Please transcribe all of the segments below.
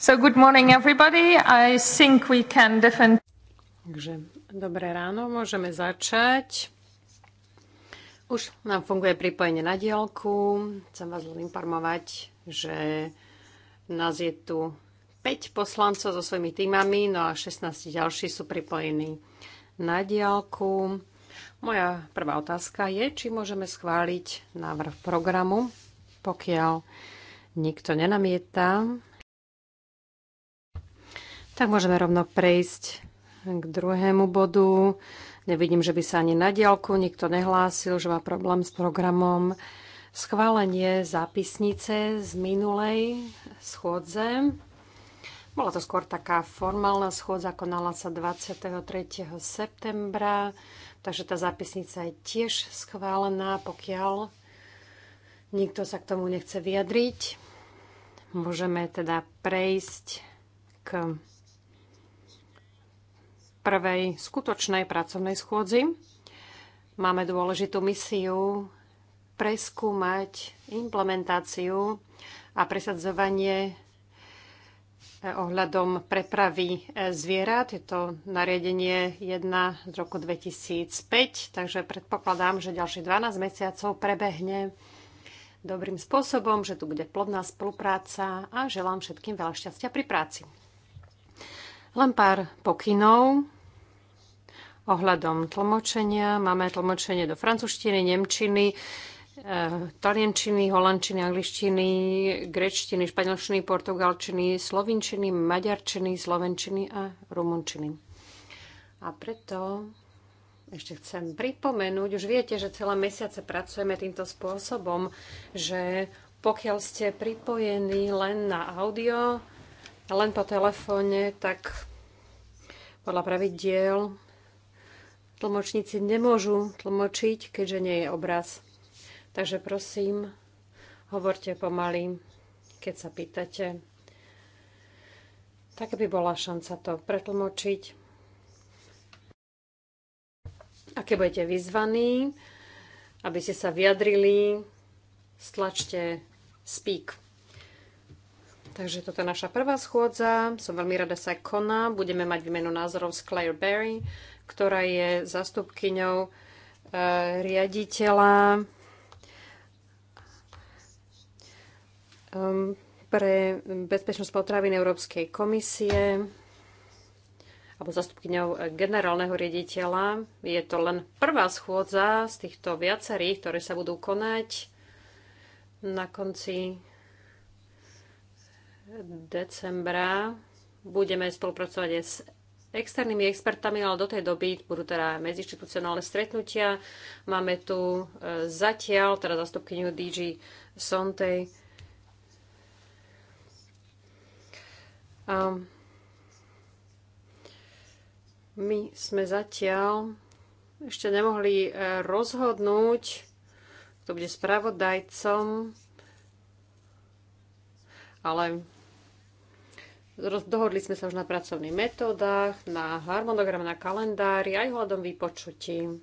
So good morning everybody. I think we can defend... Takže dobré ráno, môžeme začať. Už nám funguje pripojenie na diaľku. Chcem vás len informovať, že nás je tu 5 poslancov so svojimi týmami, no a 16 ďalší sú pripojení na diálku. Moja prvá otázka je, či môžeme schváliť návrh programu, pokiaľ nikto nenamieta tak môžeme rovno prejsť k druhému bodu. Nevidím, že by sa ani na diálku nikto nehlásil, že má problém s programom. Schválenie zápisnice z minulej schôdze. Bola to skôr taká formálna schôdza, konala sa 23. septembra, takže tá zápisnica je tiež schválená, pokiaľ nikto sa k tomu nechce vyjadriť. Môžeme teda prejsť k prvej skutočnej pracovnej schôdzi. Máme dôležitú misiu preskúmať implementáciu a presadzovanie eh, ohľadom prepravy eh, zvierat. Je to nariadenie 1 z roku 2005, takže predpokladám, že ďalších 12 mesiacov prebehne dobrým spôsobom, že tu bude plodná spolupráca a želám všetkým veľa šťastia pri práci. Len pár pokynov ohľadom tlmočenia. Máme tlmočenie do francúzštiny, nemčiny, e, taliančiny, holandčiny, angličtiny, grečtiny, španielčiny, portugalčiny, slovinčiny, maďarčiny, slovenčiny a rumunčiny. A preto ešte chcem pripomenúť, už viete, že celé mesiace pracujeme týmto spôsobom, že pokiaľ ste pripojení len na audio, len po telefóne, tak podľa pravidiel tlmočníci nemôžu tlmočiť, keďže nie je obraz. Takže prosím, hovorte pomaly, keď sa pýtate. Tak by bola šanca to pretlmočiť. A keď budete vyzvaní, aby ste sa vyjadrili, stlačte speak. Takže toto je naša prvá schôdza. Som veľmi rada sa koná. Budeme mať výmenu názorov s Claire Berry, ktorá je zastupkyňou e, riaditeľa um, pre bezpečnosť potravín Európskej komisie alebo zastupkyňou generálneho riaditeľa. Je to len prvá schôdza z týchto viacerých, ktoré sa budú konať na konci decembra budeme spolupracovať aj s externými expertami, ale do tej doby budú teda medzištitucionálne stretnutia. Máme tu e, zatiaľ, teda zastupkyniu DG Sontej. Ehm, my sme zatiaľ ešte nemohli e, rozhodnúť, kto bude spravodajcom, ale Dohodli sme sa už na pracovných metódach, na harmonogram na kalendári, aj hľadom vypočutí.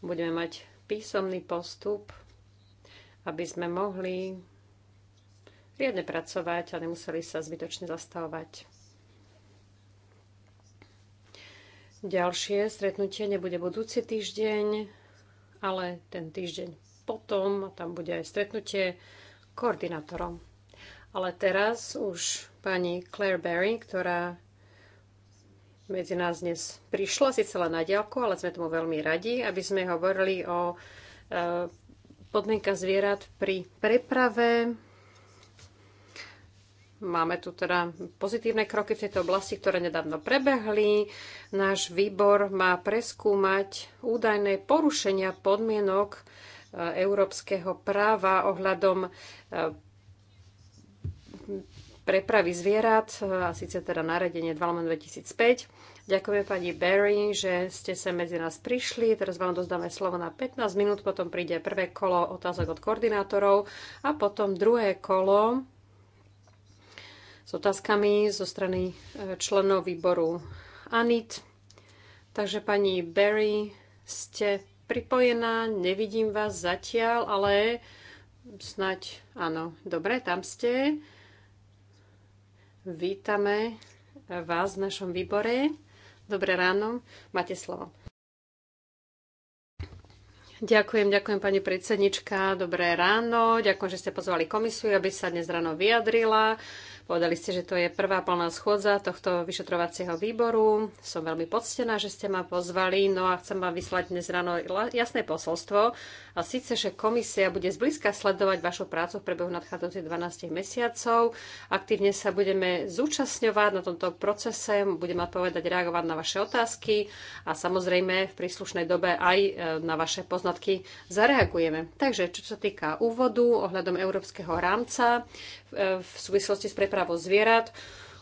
Budeme mať písomný postup, aby sme mohli riadne pracovať a nemuseli sa zbytočne zastavovať. Ďalšie stretnutie nebude budúci týždeň, ale ten týždeň potom, a tam bude aj stretnutie koordinátorom. Ale teraz už pani Claire Berry, ktorá medzi nás dnes prišla, síce len na diálku, ale sme tomu veľmi radi, aby sme hovorili o e, podmienka zvierat pri preprave. Máme tu teda pozitívne kroky v tejto oblasti, ktoré nedávno prebehli. Náš výbor má preskúmať údajné porušenia podmienok Eh, európskeho práva ohľadom eh, prepravy zvierat, eh, a síce teda naredenie 2005. Ďakujem pani Barry, že ste sa medzi nás prišli. Teraz vám dozdáme slovo na 15 minút, potom príde prvé kolo otázok od koordinátorov a potom druhé kolo s otázkami zo strany členov výboru ANIT. Takže pani Barry, ste pripojená, nevidím vás zatiaľ, ale snaď áno. Dobre, tam ste. Vítame vás v našom výbore. Dobré ráno, máte slovo. Ďakujem, ďakujem pani predsednička, dobré ráno, ďakujem, že ste pozvali komisiu, aby sa dnes ráno vyjadrila. Povedali ste, že to je prvá plná schôdza tohto vyšetrovacieho výboru. Som veľmi poctená, že ste ma pozvali. No a chcem vám vyslať dnes ráno jasné posolstvo, a síce, že komisia bude zblízka sledovať vašu prácu v priebehu nadchádzajúcich 12 mesiacov. Aktívne sa budeme zúčastňovať na tomto procese, budeme odpovedať, reagovať na vaše otázky a samozrejme v príslušnej dobe aj e, na vaše poznatky zareagujeme. Takže, čo sa týka úvodu ohľadom európskeho rámca e, v súvislosti s prepravou zvierat,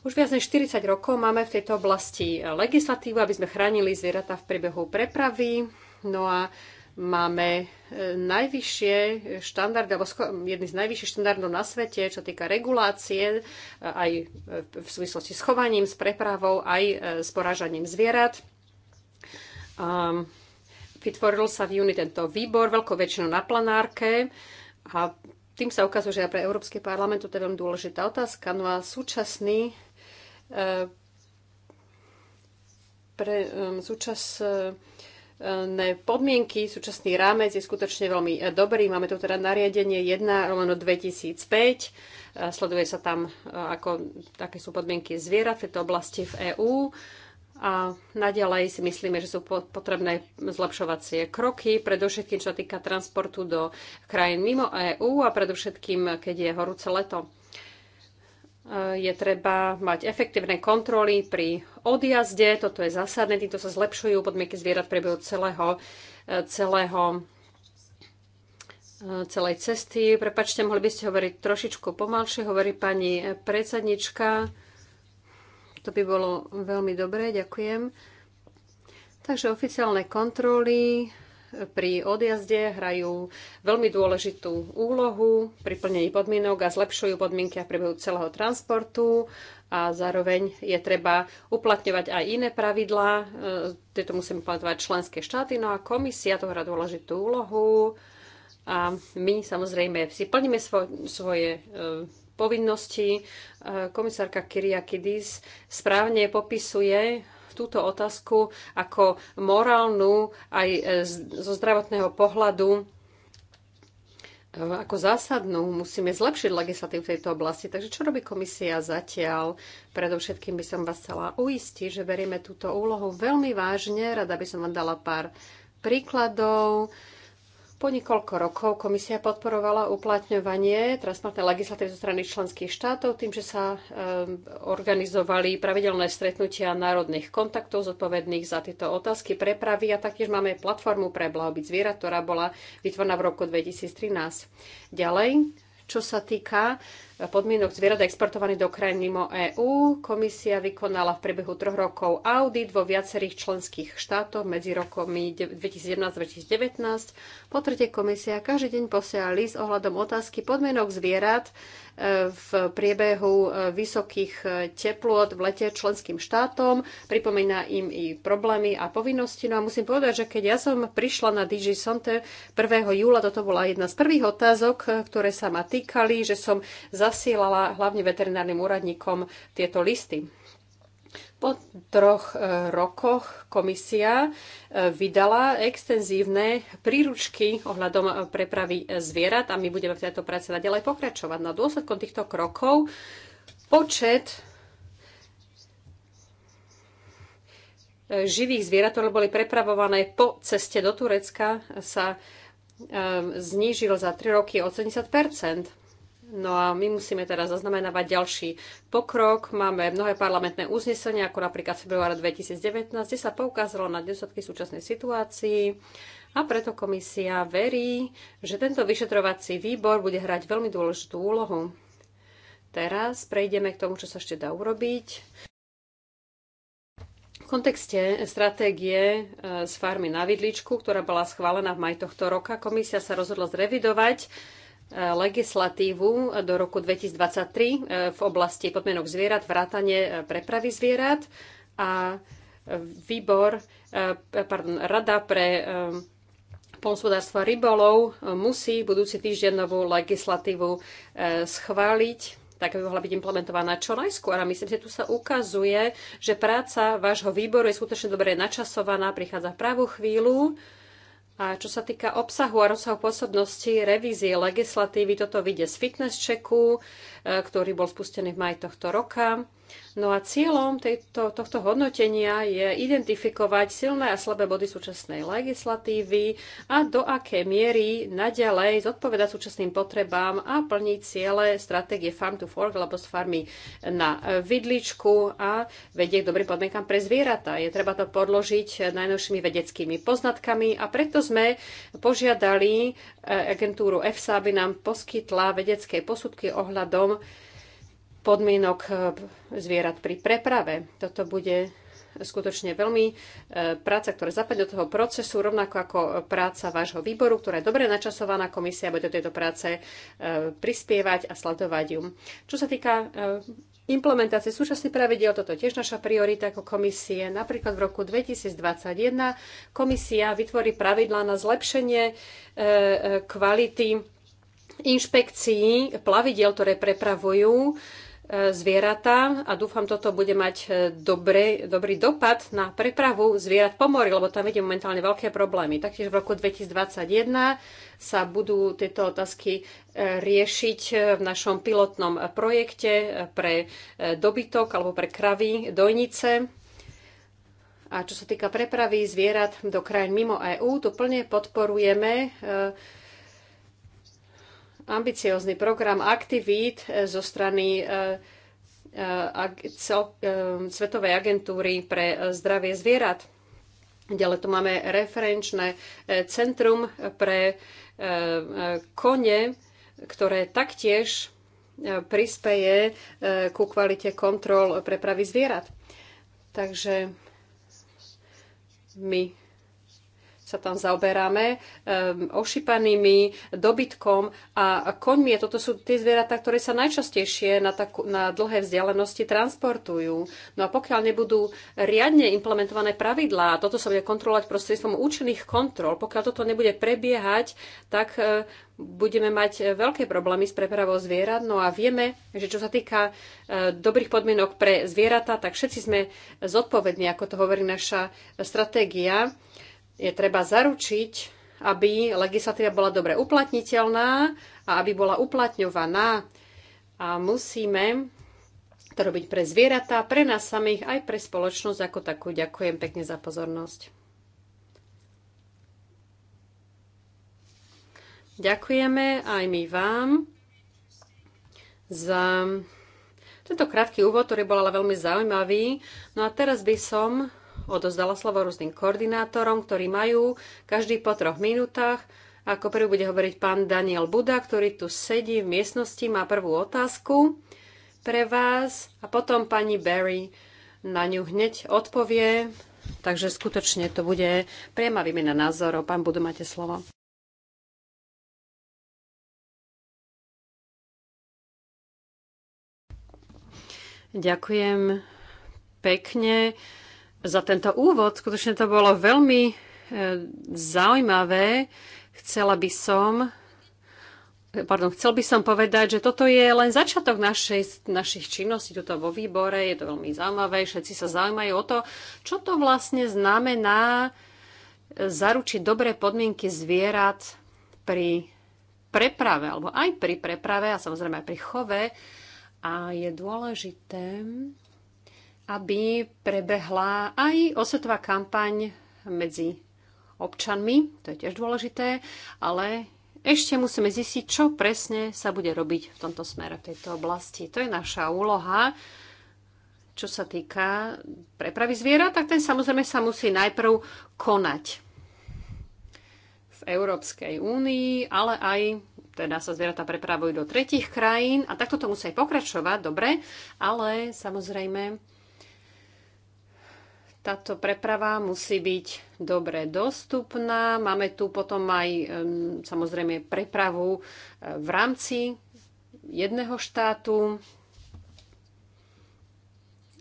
už viac než 40 rokov máme v tejto oblasti legislatívu, aby sme chránili zvieratá v priebehu prepravy. No a máme e, najvyššie štandardy, alebo jedný z najvyšších štandardov na svete, čo týka regulácie, e, aj v súvislosti s chovaním, s prepravou, aj e, s porážaním zvierat. Um, vytvoril sa v júni tento výbor, veľkou väčšinou na planárke a tým sa ukazuje, že aj pre Európsky parlament to je veľmi dôležitá otázka. No a súčasný pre, e, súčas, podmienky, súčasný rámec je skutočne veľmi e, dobrý. Máme tu teda nariadenie 1 rovno 2005. Sleduje sa tam, e, ako, také sú podmienky zviera v tejto oblasti v EÚ. A naďalej si myslíme, že sú potrebné zlepšovacie kroky, predovšetkým čo sa týka transportu do krajín mimo EÚ a predovšetkým, keď je horúce leto je treba mať efektívne kontroly pri odjazde. Toto je zásadné, týmto sa zlepšujú podmienky zvierat v priebehu celého, celého celej cesty. Prepačte, mohli by ste hovoriť trošičku pomalšie, hovorí pani predsednička. To by bolo veľmi dobré, ďakujem. Takže oficiálne kontroly, pri odjazde hrajú veľmi dôležitú úlohu pri plnení podmienok a zlepšujú podmienky a priebehu celého transportu a zároveň je treba uplatňovať aj iné pravidlá. E, tieto musíme uplatňovať členské štáty, no a komisia to hrá dôležitú úlohu a my samozrejme si plníme svo- svoje e, povinnosti. E, komisárka Kyriakidis správne popisuje túto otázku ako morálnu aj e, zo zdravotného pohľadu e, ako zásadnú musíme zlepšiť legislatív v tejto oblasti. Takže čo robí komisia zatiaľ? Predovšetkým by som vás chcela uistiť, že berieme túto úlohu veľmi vážne. Rada by som vám dala pár príkladov. Po niekoľko rokov komisia podporovala uplatňovanie transparentnej legislatívy zo strany členských štátov tým, že sa ehm, organizovali pravidelné stretnutia národných kontaktov zodpovedných za tieto otázky prepravy a taktiež máme platformu pre blahobyt zvierat, ktorá bola vytvorená v roku 2013. Ďalej, čo sa týka podmienok zvierat exportovaných do krajín mimo EÚ. Komisia vykonala v priebehu troch rokov audit vo viacerých členských štátoch medzi rokmi 2017-2019. Po tretie, komisia každý deň posiela list ohľadom otázky podmienok zvierat e, v priebehu e, vysokých e, teplôt v lete členským štátom. Pripomína im i problémy a povinnosti. No a musím povedať, že keď ja som prišla na DG Sonte 1. júla, toto bola jedna z prvých otázok, ktoré sa ma týkali, že som za zasielala hlavne veterinárnym úradníkom tieto listy. Po troch e, rokoch komisia e, vydala extenzívne príručky ohľadom e, prepravy zvierat a my budeme v tejto práci naďalej pokračovať. Na no dôsledkom týchto krokov počet živých zvierat, ktoré boli prepravované po ceste do Turecka, sa znížil za 3 roky o 70 No a my musíme teraz zaznamenávať ďalší pokrok. Máme mnohé parlamentné uznesenia, ako napríklad február 2019, kde sa poukázalo na nedostatky súčasnej situácii a preto komisia verí, že tento vyšetrovací výbor bude hrať veľmi dôležitú úlohu. Teraz prejdeme k tomu, čo sa ešte dá urobiť. V kontexte stratégie e, z farmy na vidličku, ktorá bola schválená v maj tohto roka, komisia sa rozhodla zrevidovať legislatívu do roku 2023 eh, v oblasti podmienok zvierat, vrátanie eh, prepravy zvierat a eh, výbor, pardon, rada pre polnospodárstva rybolov musí budúci týždeň novú legislatívu schváliť tak by mohla byť implementovaná čo najskôr. A myslím si, tu sa ukazuje, že práca vášho výboru je skutočne dobre načasovaná, prichádza v pravú chvíľu. A čo sa týka obsahu a rozsahu pôsobnosti revízie legislatívy, toto vyjde z fitness checku, e, ktorý bol spustený v maji tohto roka. No a cieľom tejto, tohto hodnotenia je identifikovať silné a slabé body súčasnej legislatívy a do aké miery naďalej zodpovedať súčasným potrebám a plniť ciele stratégie Farm to Fork alebo z farmy na vidličku a vedie k dobrým podmienkam pre zvieratá. Je treba to podložiť najnovšími vedeckými poznatkami a preto sme požiadali eh, agentúru EFSA, aby nám poskytla vedecké posudky ohľadom podmienok eh, zvierat pri preprave. Toto bude skutočne veľmi eh, práca, ktorá zapadne do toho procesu, rovnako ako práca vášho výboru, ktorá je dobre načasovaná. Komisia bude do tejto práce eh, prispievať a sledovať ju. Čo sa týka implementácie súčasných pravidel, toto je tiež naša priorita ako komisie. Napríklad v roku 2021 komisia vytvorí pravidlá na zlepšenie kvality inšpekcií plavidiel, ktoré prepravujú E, zvieratá a dúfam, toto bude mať e, dobrý, dobrý dopad na prepravu zvierat po mori, lebo tam vidím momentálne veľké problémy. Taktiež v roku 2021 sa budú tieto otázky e, riešiť v našom pilotnom projekte pre dobytok alebo pre kravy dojnice. A čo sa týka prepravy zvierat do krajín mimo EÚ, to plne podporujeme ambiciózny program aktivít eh, zo strany eh, eh, Svetovej agentúry pre zdravie zvierat. Ďalej tu máme referenčné centrum pre kone, ktoré taktiež prispeje ku kvalite kontrol prepravy zvierat. Takže my sa tam zaoberáme, ehm, ošípanými, dobytkom a koňmi. Toto sú tie zvieratá, ktoré sa najčastejšie na, takú, na dlhé vzdialenosti transportujú. No a pokiaľ nebudú riadne implementované pravidlá, toto sa bude kontrolovať prostredstvom účinných kontrol, pokiaľ toto nebude prebiehať, tak e, budeme mať e, veľké problémy s prepravou zvierat. No a vieme, že čo sa týka e, dobrých podmienok pre zvieratá, tak všetci sme zodpovední, ako to hovorí naša stratégia je treba zaručiť, aby legislatíva bola dobre uplatniteľná a aby bola uplatňovaná. A musíme to robiť pre zvieratá, pre nás samých, aj pre spoločnosť ako takú. Ďakujem pekne za pozornosť. Ďakujeme aj my vám za tento krátky úvod, ktorý bol ale veľmi zaujímavý. No a teraz by som odozdala slovo rôznym koordinátorom, ktorí majú každý po troch minútach. Ako prvý bude hovoriť pán Daniel Buda, ktorý tu sedí v miestnosti, má prvú otázku pre vás a potom pani Barry na ňu hneď odpovie. Takže skutočne to bude priama výmena názorov. Pán Budu, máte slovo. Ďakujem pekne za tento úvod. Skutočne to bolo veľmi e, zaujímavé. Chcela by som Pardon, chcel by som povedať, že toto je len začiatok našej, našich činností tuto vo výbore. Je to veľmi zaujímavé, všetci sa zaujímajú o to, čo to vlastne znamená e, zaručiť dobré podmienky zvierat pri preprave, alebo aj pri preprave a samozrejme aj pri chove. A je dôležité, aby prebehla aj osvetová kampaň medzi občanmi, to je tiež dôležité, ale ešte musíme zistiť, čo presne sa bude robiť v tomto smere, v tejto oblasti. To je naša úloha. Čo sa týka prepravy zviera, tak ten samozrejme sa musí najprv konať v Európskej únii, ale aj teda sa zvieratá prepravujú do tretich krajín a takto to musí pokračovať, dobre, ale samozrejme táto preprava musí byť dobre dostupná. Máme tu potom aj samozrejme prepravu eh, v rámci jedného štátu.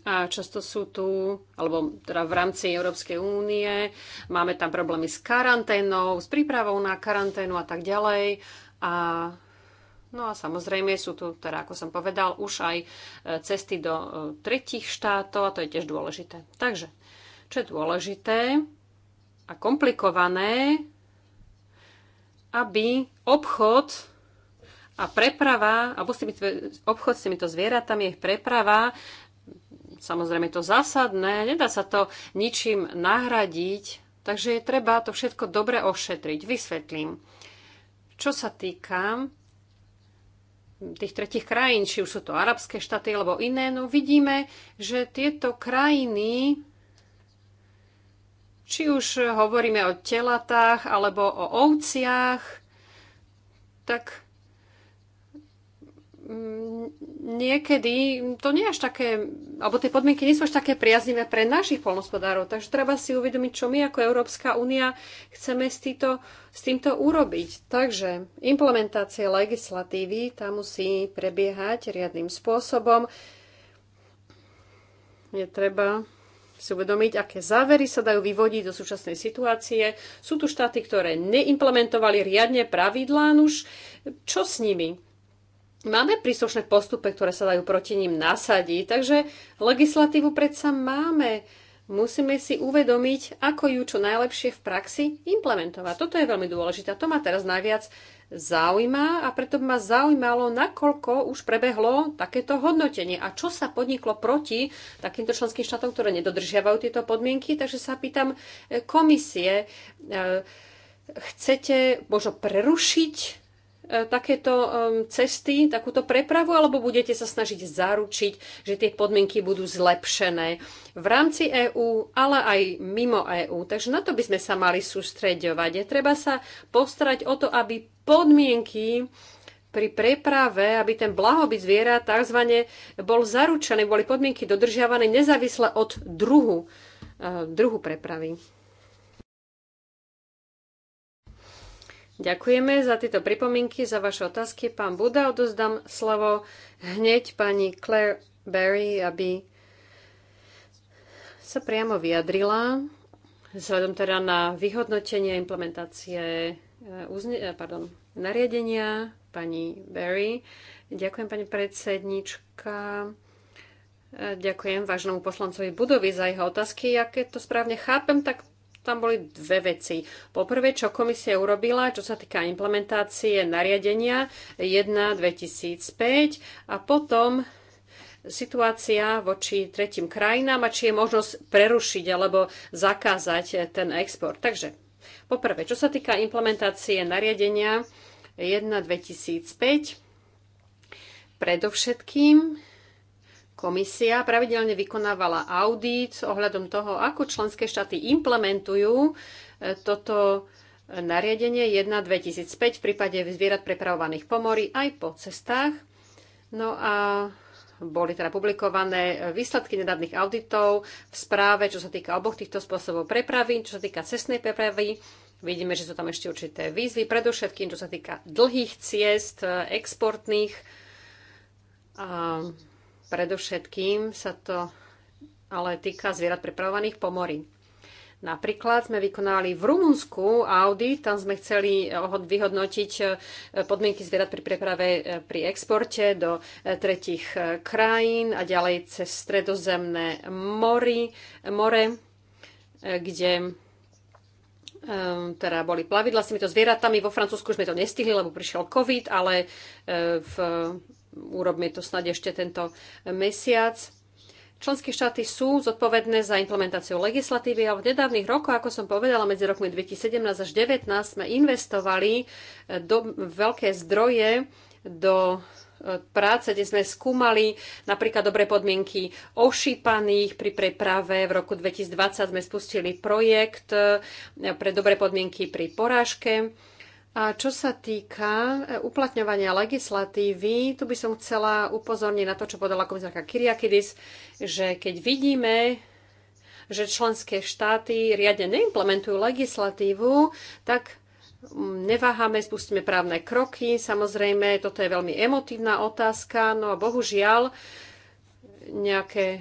A často sú tu, alebo teda v rámci Európskej únie, máme tam problémy s karanténou, s prípravou na karanténu a tak ďalej. A No a samozrejme sú tu, teda ako som povedal, už aj eh, cesty do eh, tretich štátov a to je tiež dôležité. Takže čo je dôležité a komplikované, aby obchod a preprava, alebo s tými, obchod s týmito zvieratami, ich preprava, samozrejme je to zásadné, nedá sa to ničím nahradiť, takže je treba to všetko dobre ošetriť. Vysvetlím. Čo sa týka tých tretich krajín, či už sú to arabské štáty alebo iné, no vidíme, že tieto krajiny či už hovoríme o telatách alebo o ovciach, tak mm, niekedy to nie je až také, alebo tie podmienky nie sú až také priaznivé pre našich polnospodárov, takže treba si uvedomiť, čo my ako Európska únia chceme s, týto, s týmto urobiť. Takže implementácia legislatívy tá musí prebiehať riadným spôsobom. Je treba si uvedomiť, aké závery sa dajú vyvodiť do súčasnej situácie. Sú tu štáty, ktoré neimplementovali riadne pravidlá, už čo s nimi? Máme príslušné postupe, ktoré sa dajú proti ním nasadiť, takže legislatívu predsa máme. Musíme si uvedomiť, ako ju čo najlepšie v praxi implementovať. Toto je veľmi dôležité. To ma teraz najviac zaujíma a preto by ma zaujímalo, nakoľko už prebehlo takéto hodnotenie a čo sa podniklo proti takýmto členským štátom, ktoré nedodržiavajú tieto podmienky. Takže sa pýtam eh, komisie, eh, chcete možno prerušiť E, takéto cesty, takúto prepravu, alebo budete sa snažiť zaručiť, že tie podmienky budú zlepšené v rámci EÚ, ale aj mimo EÚ. Takže na to by sme sa mali sústreďovať. Je treba sa postarať o to, aby podmienky pri preprave, aby ten blahobyt zviera tzv. bol zaručený, boli podmienky dodržiavané nezávisle od druhu, e, druhu prepravy. Ďakujeme za tieto pripomienky, za vaše otázky. Pán Buda, odozdám slovo hneď pani Claire Berry, aby sa priamo vyjadrila vzhľadom teda na vyhodnotenie implementácie eh, uzne, eh, pardon, nariadenia pani Berry. Ďakujem, pani predsednička. Eh, ďakujem vážnemu poslancovi Budovi za jeho otázky. Ja keď to správne chápem, tak tam boli dve veci. Poprvé, čo komisia urobila, čo sa týka implementácie nariadenia 1.2005 a potom situácia voči tretím krajinám a či je možnosť prerušiť alebo zakázať ten export. Takže poprvé, čo sa týka implementácie nariadenia 1.2005, predovšetkým Komisia pravidelne vykonávala audit s ohľadom toho, ako členské štáty implementujú e, toto nariadenie 1-2005 v prípade zvierat prepravovaných po mori aj po cestách. No a boli teda publikované výsledky nedávnych auditov v správe, čo sa týka oboch týchto spôsobov prepravy, čo sa týka cestnej prepravy. Vidíme, že sú tam ešte určité výzvy, predovšetkým čo sa týka dlhých ciest, e, exportných. A Predovšetkým sa to ale týka zvierat prepravovaných po mori. Napríklad sme vykonali v Rumunsku Audi, tam sme chceli eh, vyhodnotiť eh, podmienky zvierat pri preprave eh, pri exporte do tretich krajín a ďalej cez stredozemné mori, more, kde teda boli plavidla s týmito zvieratami. Vo Francúzsku sme to nestihli, lebo prišiel COVID, ale v urobme to snad ešte tento mesiac. Členské štáty sú zodpovedné za implementáciu legislatívy, ale v nedávnych rokoch, ako som povedala, medzi rokmi 2017 až 2019 sme investovali e, do veľké zdroje do e, práce, kde sme skúmali napríklad dobre podmienky ošípaných pri preprave. V roku 2020 sme spustili projekt e, pre dobre podmienky pri porážke. A čo sa týka e, uplatňovania legislatívy, tu by som chcela upozorniť na to, čo podala komisárka Kyriakidis, že keď vidíme, že členské štáty riadne neimplementujú legislatívu, tak mm, neváhame, spustíme právne kroky. Samozrejme, toto je veľmi emotívna otázka, no a bohužiaľ nejaké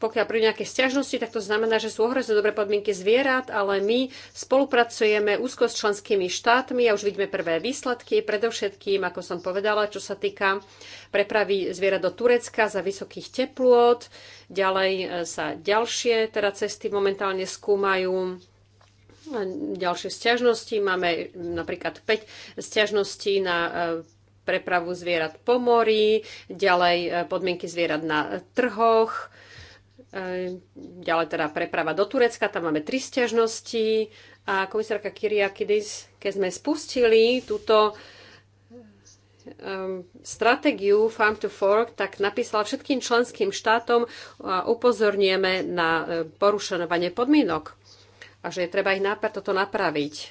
pokiaľ pri nejaké stiažnosti, tak to znamená, že sú ohrozené dobré podmienky zvierat, ale my spolupracujeme úzko s členskými štátmi a už vidíme prvé výsledky, predovšetkým, ako som povedala, čo sa týka prepravy zvierat do Turecka za vysokých teplôt. Ďalej e, sa ďalšie teda cesty momentálne skúmajú. Ďalšie stiažnosti. Máme napríklad 5 stiažností na e, prepravu zvierat po mori, ďalej e, podmienky zvierat na trhoch, Ďalej teda preprava do Turecka, tam máme tri stiažnosti a komisárka Kyriakidis, keď sme spustili túto um, stratégiu Farm to Fork, tak napísala všetkým členským štátom a upozornieme na ehm, porušovanie podmienok a že je treba ich nápad toto napraviť.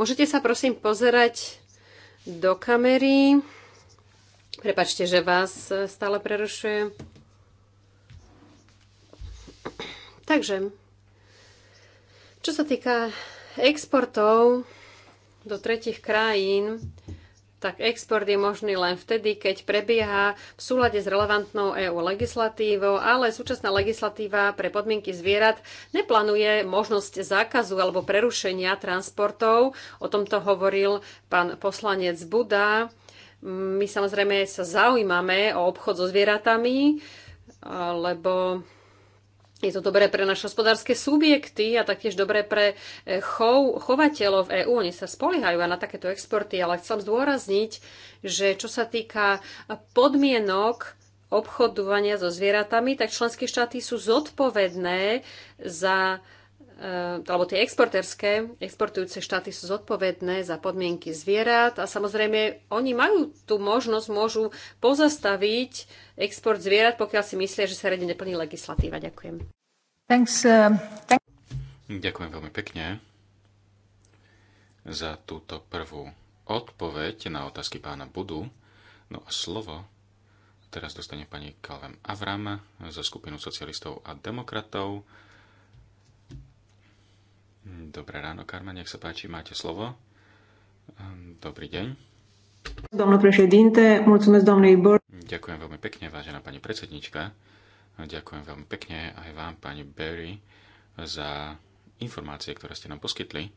Môžete sa prosím pozerať do kamery. Prepačte, že vás eh, stále prerušuje. Takže, čo sa týka exportov do tretich krajín, tak export je možný len vtedy, keď prebieha v súlade s relevantnou EU legislatívou, ale súčasná legislatíva pre podmienky zvierat neplánuje možnosť zákazu alebo prerušenia transportov. O tomto hovoril pán poslanec Buda my samozrejme sa zaujímame o obchod so zvieratami, lebo je to dobré pre naše hospodárske subjekty a taktiež dobré pre eh, chov, chovateľov v EÚ. Oni sa spoliehajú na takéto exporty, ale chcem zdôrazniť, že čo sa týka podmienok obchodovania so zvieratami, tak členské štáty sú zodpovedné za E, alebo tie exporterské, exportujúce štáty sú zodpovedné za podmienky zvierat a samozrejme oni majú tú možnosť, môžu pozastaviť export zvierat, pokiaľ si myslia, že sa rade neplní legislatíva. Ďakujem. Thanks, uh, thank- Ďakujem veľmi pekne za túto prvú odpoveď na otázky pána Budu. No a slovo teraz dostane pani Kalvem Avram zo skupinu socialistov a demokratov Dobré ráno, Karma, nech sa páči, máte slovo. Ehm, dobrý deň. Ďakujem veľmi pekne, vážená pani predsednička. Ďakujem veľmi pekne aj vám, pani Berry, za informácie, ktoré ste nám poskytli.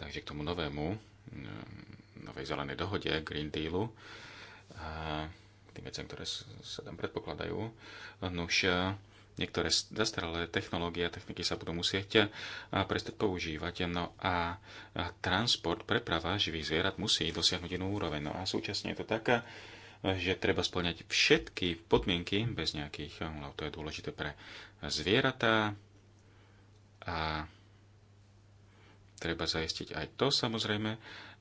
Takže k tomu novému, ehm, novej zelenej dohode, Green Dealu, a tým veciam, ktoré sa tam predpokladajú. Nuž, no niektoré zastaralé technológie a techniky sa budú musieť eh, prestať používať. No a transport, preprava živých zvierat musí dosiahnuť inú úroveň. No a súčasne je to taká, eh, že treba splňať všetky podmienky bez nejakých, eh, no to je dôležité pre zvieratá a treba zajistiť aj to samozrejme,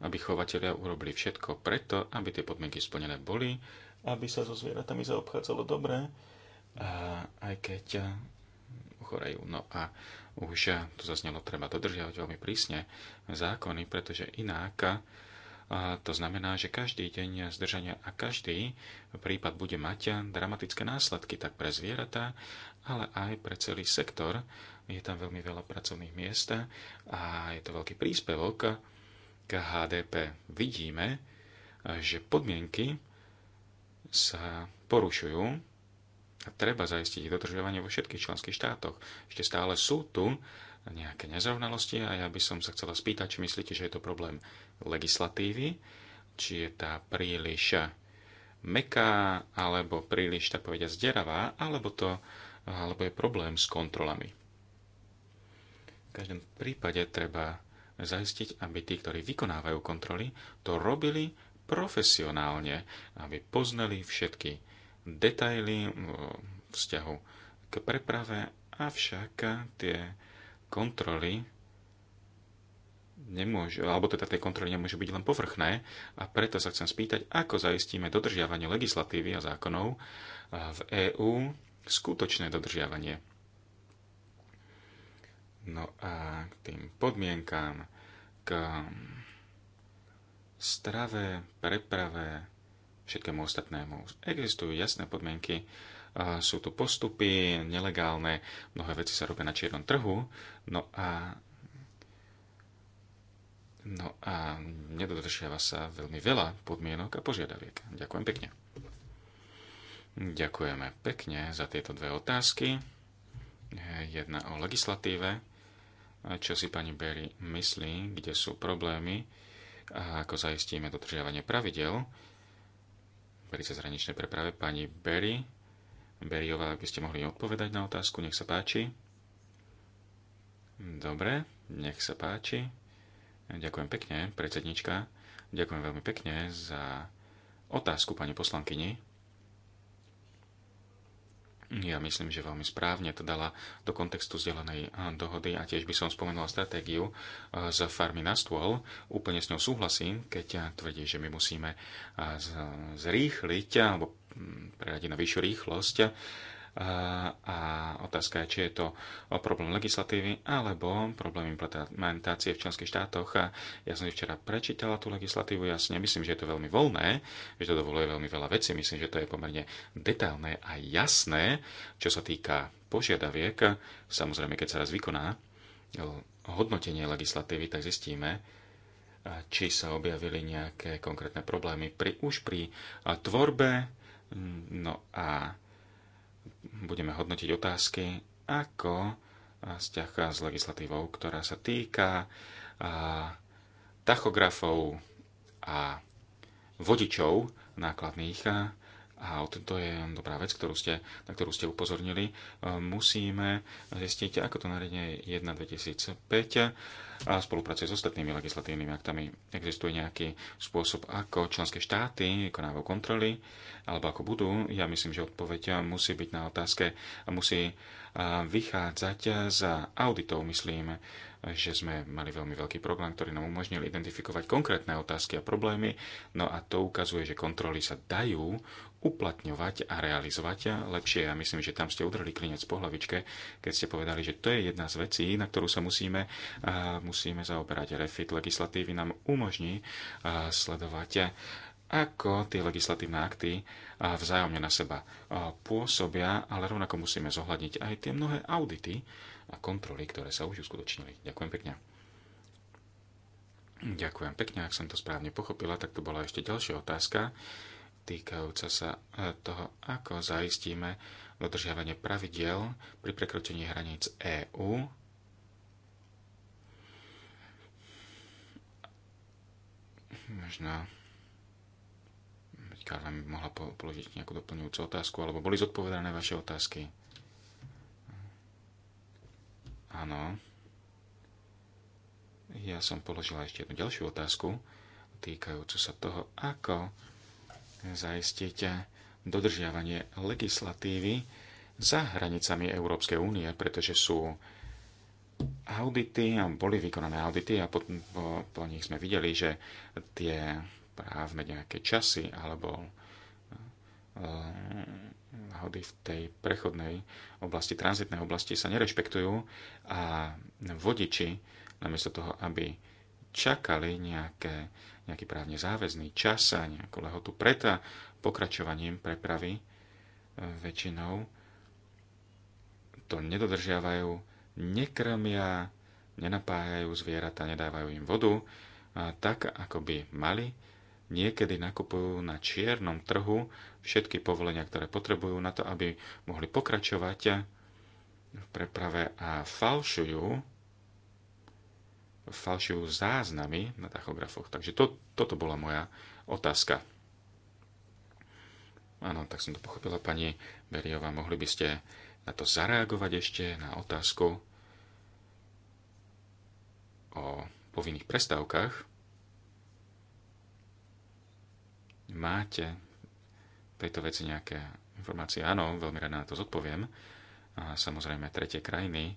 aby chovateľia urobili všetko preto, aby tie podmienky splnené boli, aby sa so zvieratami zaobchádzalo dobre, aj keď eh, uchorejú. No a už eh, tu zaznelo, treba dodržiavať veľmi prísne zákony, pretože inak eh, to znamená, že každý deň zdržania a každý prípad bude mať dramatické následky tak pre zvieratá, ale aj pre celý sektor. Je tam veľmi veľa pracovných miest a je to veľký príspevok k HDP. Vidíme, že podmienky sa porušujú a treba zaistiť ich dodržiavanie vo všetkých členských štátoch. Ešte stále sú tu nejaké nezrovnalosti a ja by som sa chcela spýtať, či myslíte, že je to problém legislatívy, či je tá príliš meká, alebo príliš, tak povedia, zderavá, alebo, to, alebo je problém s kontrolami. V každom prípade treba zaistiť, aby tí, ktorí vykonávajú kontroly, to robili profesionálne, aby poznali všetky detaily e, vzťahu k preprave, avšak tie kontroly nemôžu, alebo teda tie kontroly nemôžu byť len povrchné a preto sa chcem spýtať, ako zaistíme dodržiavanie legislatívy a zákonov e, v EÚ, skutočné dodržiavanie. No a k tým podmienkám, k strave, preprave, všetkému ostatnému. Existujú jasné podmienky, sú tu postupy nelegálne, mnohé veci sa robia na čiernom trhu, no a No a nedodržiava sa veľmi veľa podmienok a požiadaviek. Ďakujem pekne. Ďakujeme pekne za tieto dve otázky. Jedna o legislatíve, čo si pani Berry myslí, kde sú problémy a ako zaistíme dodržiavanie pravidel pri cezhraničnej preprave. Pani Berry, Berryová, ak by ste mohli odpovedať na otázku, nech sa páči. Dobre, nech sa páči. Ďakujem pekne, predsednička. Ďakujem veľmi pekne za otázku pani poslankyni. Ja myslím, že veľmi správne to dala do kontextu zdelenej dohody a tiež by som spomenula stratégiu z farmy na stôl. Úplne s ňou súhlasím, keď tvrdí, že my musíme zrýchliť alebo mm, preradiť na vyššiu rýchlosť a otázka je, či je to problém legislatívy alebo problém implementácie v členských štátoch. ja som včera prečítala tú legislatívu, ja si nemyslím, že je to veľmi voľné, že to dovoluje veľmi veľa vecí, myslím, že to je pomerne detailné a jasné, čo sa týka požiadaviek. Samozrejme, keď sa raz vykoná eh, hodnotenie legislatívy, tak zistíme, eh, či sa objavili nejaké konkrétne problémy pri, už pri eh, tvorbe. Mm, no a budeme hodnotiť otázky, ako vzťah s legislatívou, ktorá sa týka tachografov a vodičov nákladných a toto je dobrá vec, ktorú ste, na ktorú ste upozornili, e, musíme zistiť, ako to nariadenie 1 2005 a spolupracuje s ostatnými legislatívnymi aktami. Existuje nejaký spôsob, ako členské štáty vykonávajú kontroly, alebo ako budú. Ja myslím, že odpoveď musí byť na otázke a musí e, vychádzať za auditov, myslím, že sme mali veľmi veľký program, ktorý nám umožnil identifikovať konkrétne otázky a problémy. No a to ukazuje, že kontroly sa dajú uplatňovať a realizovať lepšie. Ja myslím, že tam ste udrali klinec po hlavičke, keď ste povedali, že to je jedna z vecí, na ktorú sa musíme, musíme zaoberať. Refit legislatívy nám umožní sledovať ako tie legislatívne akty vzájomne na seba pôsobia, ale rovnako musíme zohľadniť aj tie mnohé audity, a kontroly, ktoré sa už uskutočnili. Ďakujem pekne. Ďakujem pekne, ak som to správne pochopila, tak to bola ešte ďalšia otázka týkajúca sa e, toho, ako zaistíme dodržiavanie pravidiel pri prekročení hraníc EÚ. Možno Karla mi mohla položiť nejakú doplňujúcu otázku, alebo boli zodpovedané vaše otázky. Áno. Ja som položila ešte jednu ďalšiu otázku, týkajúcu sa toho, ako zaistiť dodržiavanie legislatívy za hranicami Európskej únie, pretože sú audity, boli vykonané audity a po, po, po nich sme videli, že tie právne nejaké časy alebo eh, hody v tej prechodnej oblasti, tranzitnej oblasti sa nerešpektujú a vodiči, namiesto toho, aby čakali nejaké, nejaký právne záväzný čas a nejakú lehotu pred pokračovaním prepravy, e, väčšinou to nedodržiavajú, nekrmia, nenapájajú zvieratá, nedávajú im vodu, tak ako by mali, niekedy nakupujú na čiernom trhu všetky povolenia, ktoré potrebujú na to, aby mohli pokračovať v preprave a falšujú, falšujú záznamy na tachografoch. Takže to, toto bola moja otázka. Áno, tak som to pochopila, pani Beriová. Mohli by ste na to zareagovať ešte, na otázku o povinných prestávkach. Máte tejto veci nejaké informácie? Áno, veľmi rád na to zodpoviem. A samozrejme, tretie krajiny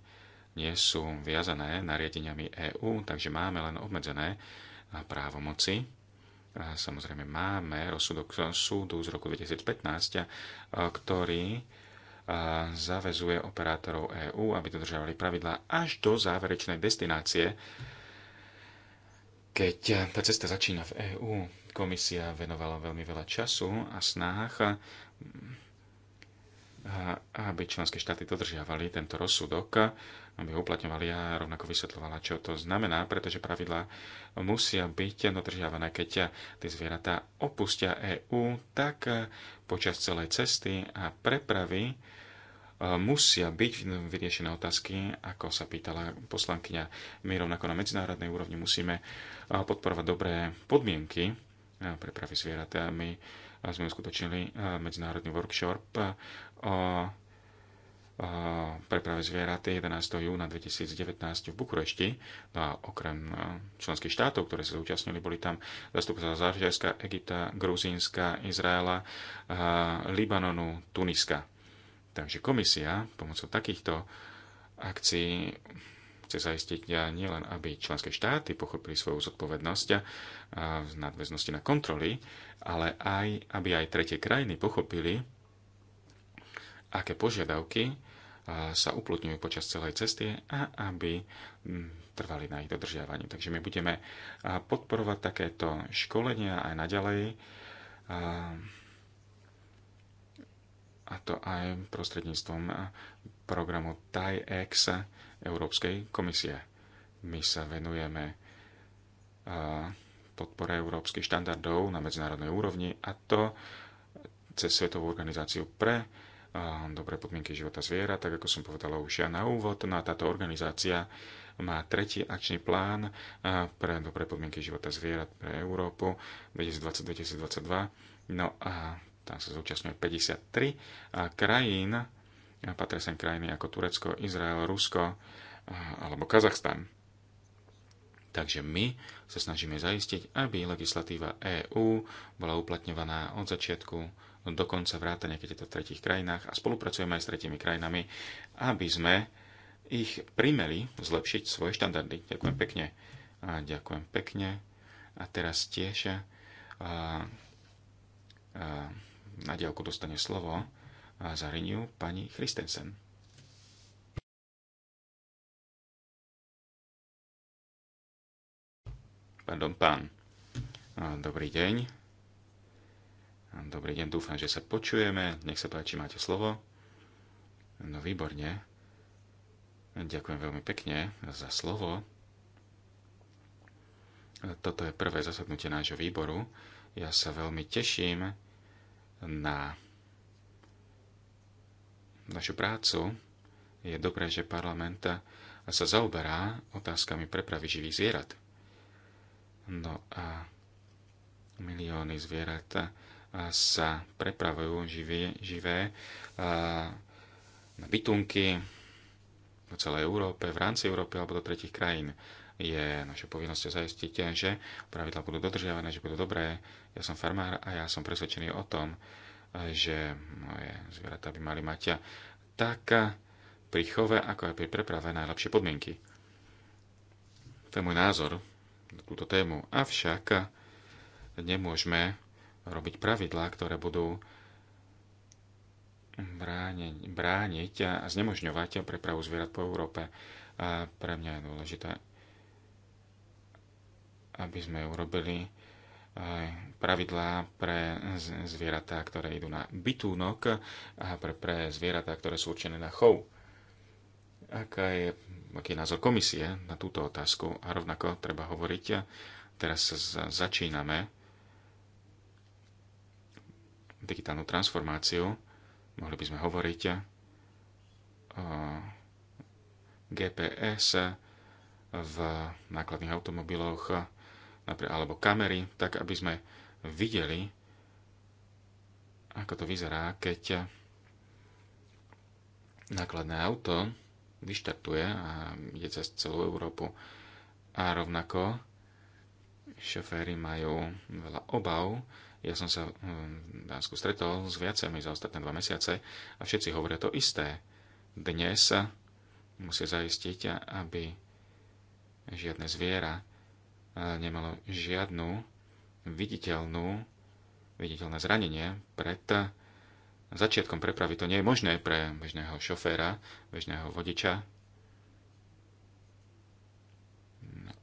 nie sú viazané nariadeniami EÚ, takže máme len obmedzené právomoci. A samozrejme, máme rozsudok súdu z roku 2015, ktorý zavezuje operátorov EÚ, aby dodržiavali pravidlá až do záverečnej destinácie keď tá cesta začína v EÚ, komisia venovala veľmi veľa času a snách, mm, aby členské štáty dodržiavali tento rozsudok, aby ho uplatňovali a rovnako vysvetľovala, čo to znamená, pretože pravidlá musia byť dodržiavané. Keď tie zvieratá opustia EÚ, tak počas celej cesty a prepravy E, musia byť vyriešené otázky, ako sa pýtala poslankyňa. My rovnako na medzinárodnej úrovni musíme e, podporovať dobré podmienky e, prepravy zvierat. My sme uskutočnili medzinárodný workshop o preprave zvierat 11. júna 2019 v Bukurešti. No a okrem členských štátov, ktoré sa zúčastnili, boli tam zastupca z Egypta, Gruzínska, Izraela, Libanonu, Tuniska. Takže komisia pomocou takýchto akcií chce zaistiť nielen, aby členské štáty pochopili svoju zodpovednosť v nadväznosti na kontroly, ale aj, aby aj tretie krajiny pochopili, aké požiadavky sa uplutňujú počas celej cesty a aby trvali na ich dodržiavaní. Takže my budeme podporovať takéto školenia aj naďalej a to aj prostredníctvom programu TIEX Európskej komisie. My sa venujeme podpore európskych štandardov na medzinárodnej úrovni a to cez Svetovú organizáciu pre dobré podmienky života zviera, tak ako som povedala už ja na úvod. No a táto organizácia má tretí akčný plán pre dobré podmienky života zvierat pre Európu 2020-2022. No a tam sa zúčastňuje 53 a krajín, a patria sem krajiny ako Turecko, Izrael, Rusko alebo Kazachstan. Takže my sa snažíme zaistiť, aby legislatíva EÚ bola uplatňovaná od začiatku do konca vrátania, keď je to v tretich krajinách a spolupracujeme aj s tretimi krajinami, aby sme ich primeli zlepšiť svoje štandardy. Ďakujem pekne. A ďakujem pekne. A teraz tiež a, a, na diálku dostane slovo za Riniu pani Christensen. Pardon, pán. Dobrý deň. Dobrý deň, dúfam, že sa počujeme. Nech sa páči, máte slovo. No výborne. Ďakujem veľmi pekne za slovo. Toto je prvé zasadnutie nášho výboru. Ja sa veľmi teším, na našu prácu. Je dobré, že parlament sa zaoberá otázkami prepravy živých zvierat. No a milióny zvierat sa prepravujú živé, živé na bytunky po celej Európe, v rámci Európy alebo do tretich krajín je naše povinnosť zaistiť, že pravidla budú dodržiavané, že budú dobré. Ja som farmár a ja som presvedčený o tom, že moje zvieratá by mali mať tak pri chove, ako aj pri preprave najlepšie podmienky. To je môj názor na túto tému. Avšak nemôžeme robiť pravidlá, ktoré budú brániť, brániť a znemožňovať prepravu zvierat po Európe. A pre mňa je dôležité aby sme urobili eh, pravidlá pre zvieratá, ktoré idú na bytúnok a pre, pre zvieratá, ktoré sú určené na chov. Aká je, aký je názor komisie na túto otázku? A rovnako treba hovoriť, teraz začíname digitálnu transformáciu. Mohli by sme hovoriť o GPS v nákladných automobiloch, alebo kamery, tak aby sme videli, ako to vyzerá, keď nákladné auto vyštartuje a ide cez celú Európu. A rovnako šoféry majú veľa obav. Ja som sa v Dánsku stretol s viacemi za ostatné dva mesiace a všetci hovoria to isté. Dnes musia zaistiť, aby žiadne zviera nemalo žiadnu viditeľnú, viditeľné zranenie pred začiatkom prepravy. To nie je možné pre bežného šoféra, bežného vodiča.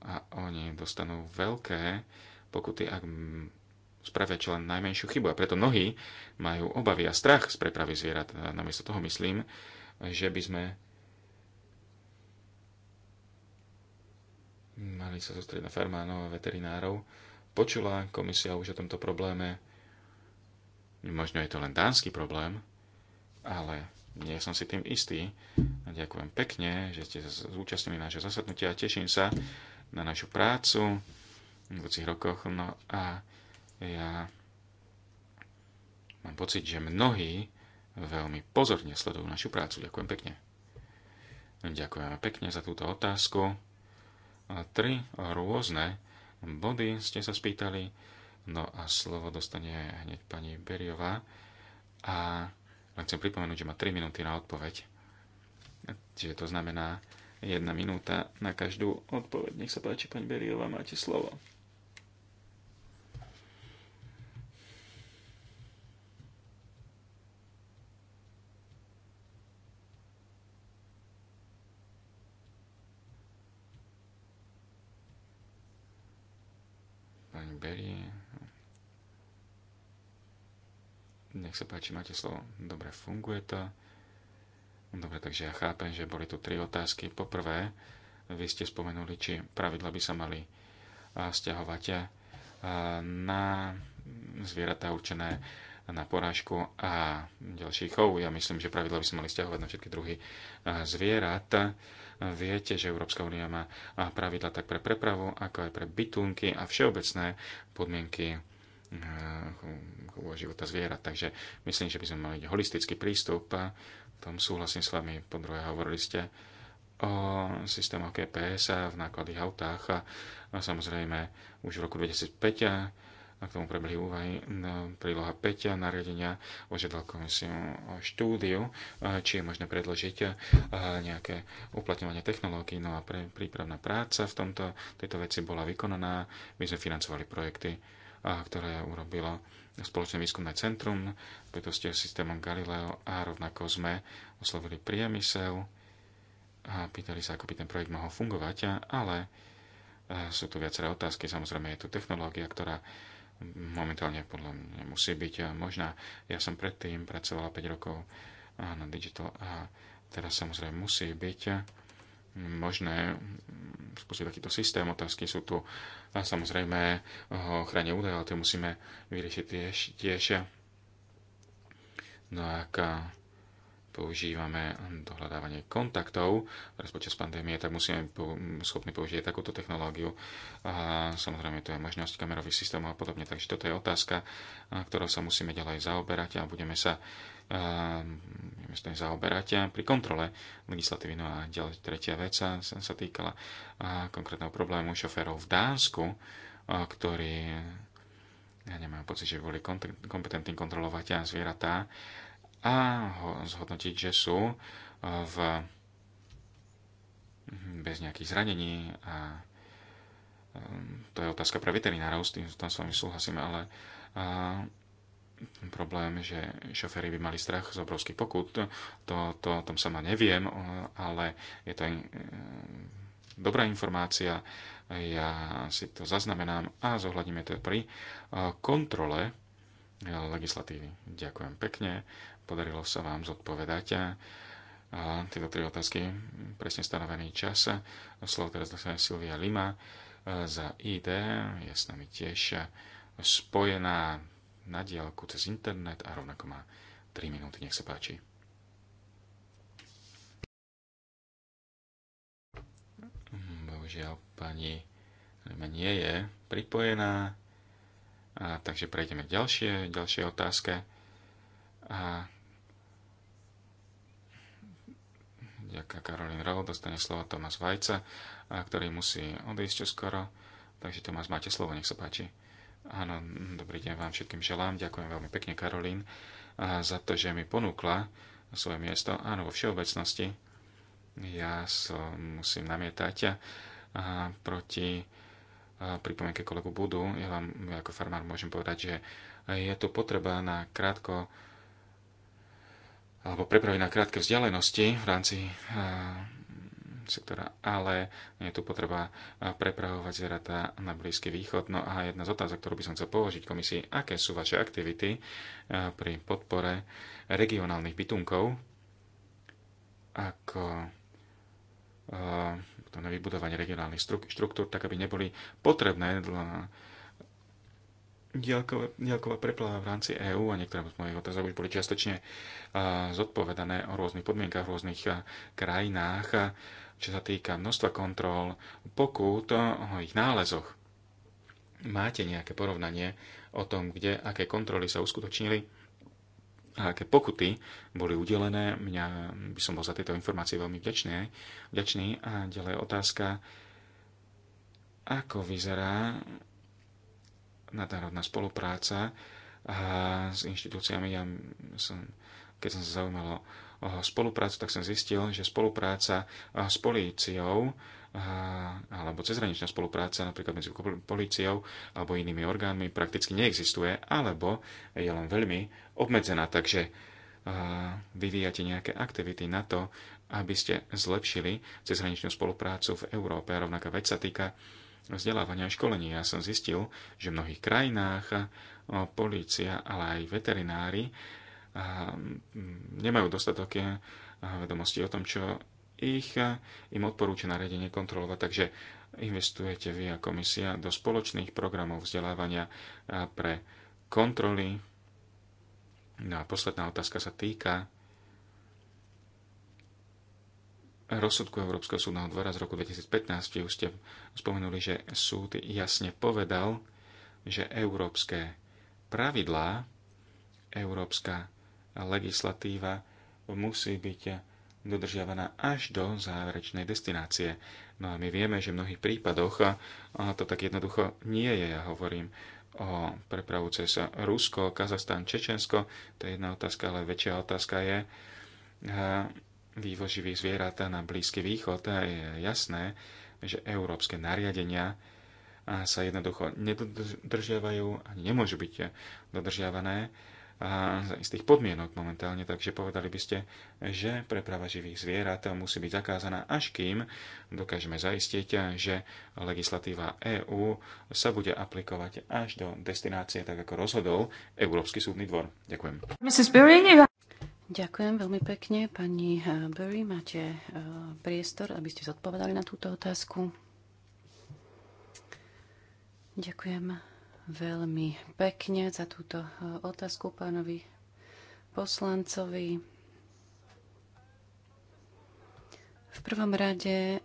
A oni dostanú veľké pokuty, ak spravia čo len najmenšiu chybu. A preto mnohí majú obavy a strach z prepravy zvierat. Namiesto toho myslím, že by sme mali sa zostrieť na farmánov a veterinárov. Počula komisia už o tomto probléme. Možno je to len dánsky problém, ale nie som si tým istý. A ďakujem pekne, že ste zúčastnili naše zasadnutia a teším sa na našu prácu v budúcich rokoch. No a ja mám pocit, že mnohí veľmi pozorne sledujú našu prácu. Ďakujem pekne. Ďakujem pekne za túto otázku tri rôzne body, ste sa spýtali. No a slovo dostane hneď pani Beriová. A len chcem pripomenúť, že má 3 minúty na odpoveď. Čiže to znamená 1 minúta na každú odpoveď. Nech sa páči, pani Beriová, máte slovo. Nech sa páči, máte slovo. Dobre, funguje to. Dobre, takže ja chápem, že boli tu tri otázky. Poprvé, vy ste spomenuli, či pravidla by sa mali stiahovať na zvieratá určené na porážku a ďalší chov. Ja myslím, že pravidla by sa mali stiahovať na všetky druhy zvierat. Viete, že Európska únia má pravidla tak pre prepravu, ako aj pre bytunky a všeobecné podmienky Eh, chovu života zvierat. Takže myslím, že by sme mali holistický prístup. A tom súhlasím s vami. Po druhé, hovorili ste o systémoch GPS a v nákladných autách. A, a samozrejme, už v roku 2005 a, a k tomu prebehli úvahy no, príloha 5 nariadenia požiadal komisiu o štúdiu, či je možné predložiť nejaké uplatňovanie technológií. No a pre, prípravná práca v tomto, tejto veci bola vykonaná. My sme financovali projekty ktoré urobilo spoločné výskumné centrum, preto s systémom Galileo a rovnako sme oslovili priemysel a pýtali sa, ako by ten projekt mohol fungovať, ale e, sú tu viaceré otázky. Samozrejme, je tu technológia, ktorá momentálne podľa mňa musí byť možná. Ja som predtým pracovala 5 rokov e, na Digital a teraz samozrejme musí byť možné mm, spustiť takýto systém. Otázky sú tu a samozrejme o ochrane údajov, ale to musíme vyriešiť tiež. tiež. No a ak používame dohľadávanie kontaktov teraz počas pandémie, tak musíme byť mm, schopní použiť takúto technológiu. A samozrejme, to je možnosť kamerových systémov a podobne. Takže toto je otázka, ktorou sa musíme ďalej zaoberať a budeme sa budeme ehm, sa tým zaoberať pri kontrole legislatívy. No a ďalej tretia vec sa, sa týkala konkrétneho problému šoférov v Dánsku, ktorí ja nemám pocit, že boli kompetentní kontrolovať a zvieratá a ho, zhodnotiť, že sú v, mhm, bez nejakých zranení a ehm, to je otázka pre veterinárov, s tým, tam s vami súhlasím, ale problém, že šoféry by mali strach z obrovských pokut. To, to, o tom sama neviem, ale je to eh, dobrá informácia. Ja si to zaznamenám a zohľadíme to pri eh, kontrole eh, legislatívy. Ďakujem pekne. Podarilo sa vám zodpovedať tieto tri otázky presne stanovený čas. Slovo teraz dostane Silvia Lima za ID. Je s nami tiež spojená na diálku cez internet a rovnako má 3 minúty, nech sa páči. Bohužiaľ, pani nie je pripojená, a, takže prejdeme k ďalšie, ďalšie otázke. A ďaká Karolín Rau, dostane slovo Tomás Vajca, a, ktorý musí odísť skoro. Takže Tomás, máte slovo, nech sa páči. Áno, dobrý deň vám všetkým želám. Ďakujem veľmi pekne, Karolín, za to, že mi ponúkla svoje miesto. Áno, vo všeobecnosti ja som, musím namietať a proti pripomienke kolegu Budu. Ja vám ako farmár môžem povedať, že je tu potreba na krátko alebo prepravy na krátke vzdialenosti v rámci sektora, ale je tu potreba eh, prepravovať zvieratá na Blízky východ. No a jedna z otázok, ktorú by som chcel položiť komisii, aké sú vaše aktivity eh, pri podpore regionálnych bytunkov, ako eh, to vybudovanie regionálnych štruktúr, tak aby neboli potrebné diaľková, prepláva preplava v rámci EÚ a niektoré z mojich otázok už boli čiastočne zodpovedané o rôznych podmienkach v rôznych krajinách čo sa týka množstva kontrol, pokút eh, o ich nálezoch. Máte nejaké porovnanie o tom, kde aké kontroly sa uskutočnili a aké pokuty boli udelené. Mňa by som bol za tieto informácie veľmi vďačný. vďačný. A ďalej otázka, ako vyzerá nadnárodná spolupráca a s inštitúciami. Ja som, keď som sa zaujímalo spoluprácu, tak som zistil, že spolupráca s políciou alebo cezhraničná spolupráca napríklad medzi políciou alebo inými orgánmi prakticky neexistuje alebo je len veľmi obmedzená. Takže vyvíjate nejaké aktivity na to, aby ste zlepšili cezhraničnú spoluprácu v Európe. A rovnaká vec sa týka vzdelávania a školenia. Ja som zistil, že v mnohých krajinách polícia, ale aj veterinári Ehm, nemajú dostatok eh, vedomostí o tom, čo ich eh, im odporúča nariadenie kontrolovať. Takže investujete vy a komisia do spoločných programov vzdelávania eh, pre kontroly. No a posledná otázka sa týka rozsudku Európskeho súdneho dvora z roku 2015, už ste spomenuli, že súd jasne povedal, že európske pravidlá, európska legislatíva musí byť dodržiavaná až do záverečnej destinácie. No a my vieme, že v mnohých prípadoch to tak jednoducho nie je. Ja hovorím o prepravu cez Rusko, Kazachstan, Čečensko. To je jedna otázka, ale väčšia otázka je vývoz živých zvierat na Blízky východ. Je jasné, že európske nariadenia sa jednoducho nedodržiavajú ani nemôžu byť dodržiavané za istých podmienok momentálne, takže povedali by ste, že preprava živých zvierat musí byť zakázaná, až kým dokážeme zaistiť, že legislatíva EÚ sa bude aplikovať až do destinácie, tak ako rozhodol Európsky súdny dvor. Ďakujem. Ďakujem veľmi pekne. Pani eh, Burry, máte eh, priestor, aby ste zodpovedali na túto otázku. Ďakujem veľmi pekne za túto e, otázku pánovi poslancovi. V prvom rade e,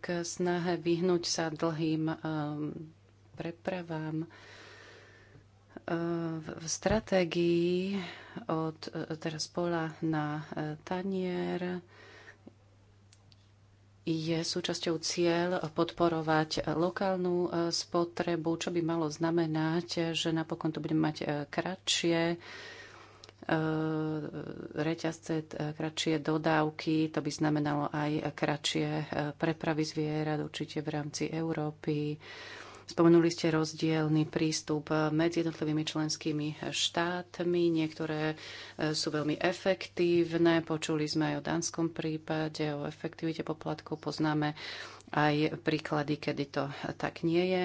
k snahe vyhnúť sa dlhým e, prepravám v stratégii od teraz pola na tanier je súčasťou cieľ podporovať lokálnu e, spotrebu, čo by malo znamenať, že napokon tu budeme mať e, kratšie e, reťazce, kratšie dodávky, to by znamenalo aj kratšie prepravy zvierat určite v rámci Európy Spomenuli ste rozdielny prístup medzi jednotlivými členskými štátmi. Niektoré e, sú veľmi efektívne. Počuli sme aj o danskom prípade, o efektivite poplatkov. Poznáme aj príklady, kedy to tak nie je.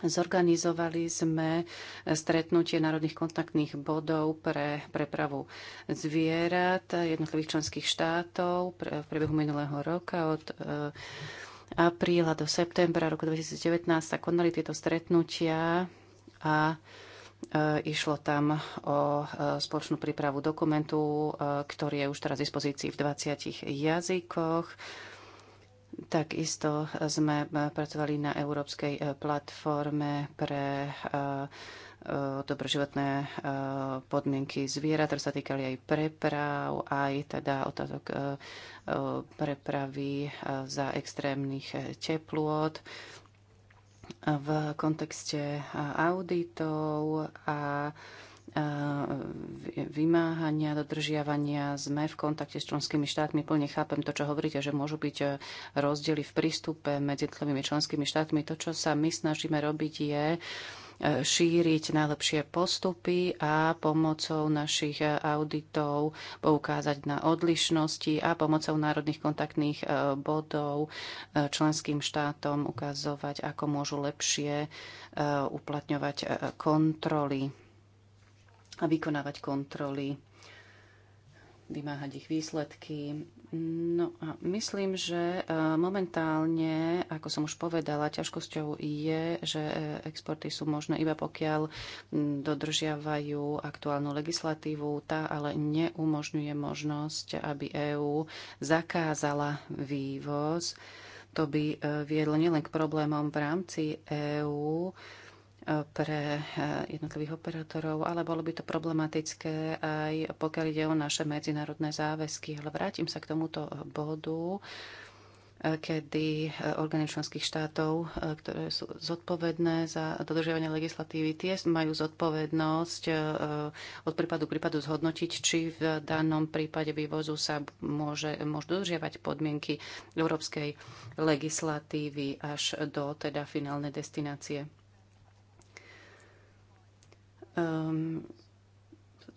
Zorganizovali sme stretnutie národných kontaktných bodov pre prepravu zvierat jednotlivých členských štátov v priebehu minulého roka od e, apríla do septembra roku 2019 sa konali tieto stretnutia a e, Išlo tam o e, spoločnú prípravu dokumentu, e, ktorý je už teraz v dispozícii v 20 jazykoch. Takisto sme pracovali na európskej platforme pre Eh, dobre životné eh, podmienky zvierat, ktoré sa týkali aj preprav, aj teda otázok eh, prepravy za extrémnych teplôt v kontexte auditov a vymáhania, dodržiavania. Sme v kontakte s členskými štátmi. Plne chápem to, čo hovoríte, že môžu byť e, rozdiely v prístupe medzi jednotlivými členskými štátmi. To, čo sa my snažíme robiť, je e, šíriť najlepšie postupy a pomocou našich e, auditov poukázať na odlišnosti a pomocou národných kontaktných bodov členským štátom ukazovať, ako môžu lepšie uplatňovať kontroly a vykonávať kontroly, vymáhať ich výsledky. No a myslím, že e, momentálne, ako som už povedala, ťažkosťou je, že e, exporty sú možné iba pokiaľ dodržiavajú aktuálnu legislatívu. Tá ale neumožňuje možnosť, aby EÚ zakázala vývoz. To by e, viedlo nielen k problémom v rámci EÚ, pre eh, jednotlivých operátorov, ale bolo by to problematické aj pokiaľ ide o naše medzinárodné záväzky. Ale vrátim sa k tomuto bodu eh, kedy eh, orgány členských štátov, ktoré sú zodpovedné za dodržiavanie legislatívy, tie majú zodpovednosť od prípadu k prípadu zhodnotiť, či v danom prípade vývozu sa môže, môže dodržiavať podmienky európskej legislatívy až do teda finálnej destinácie. Um,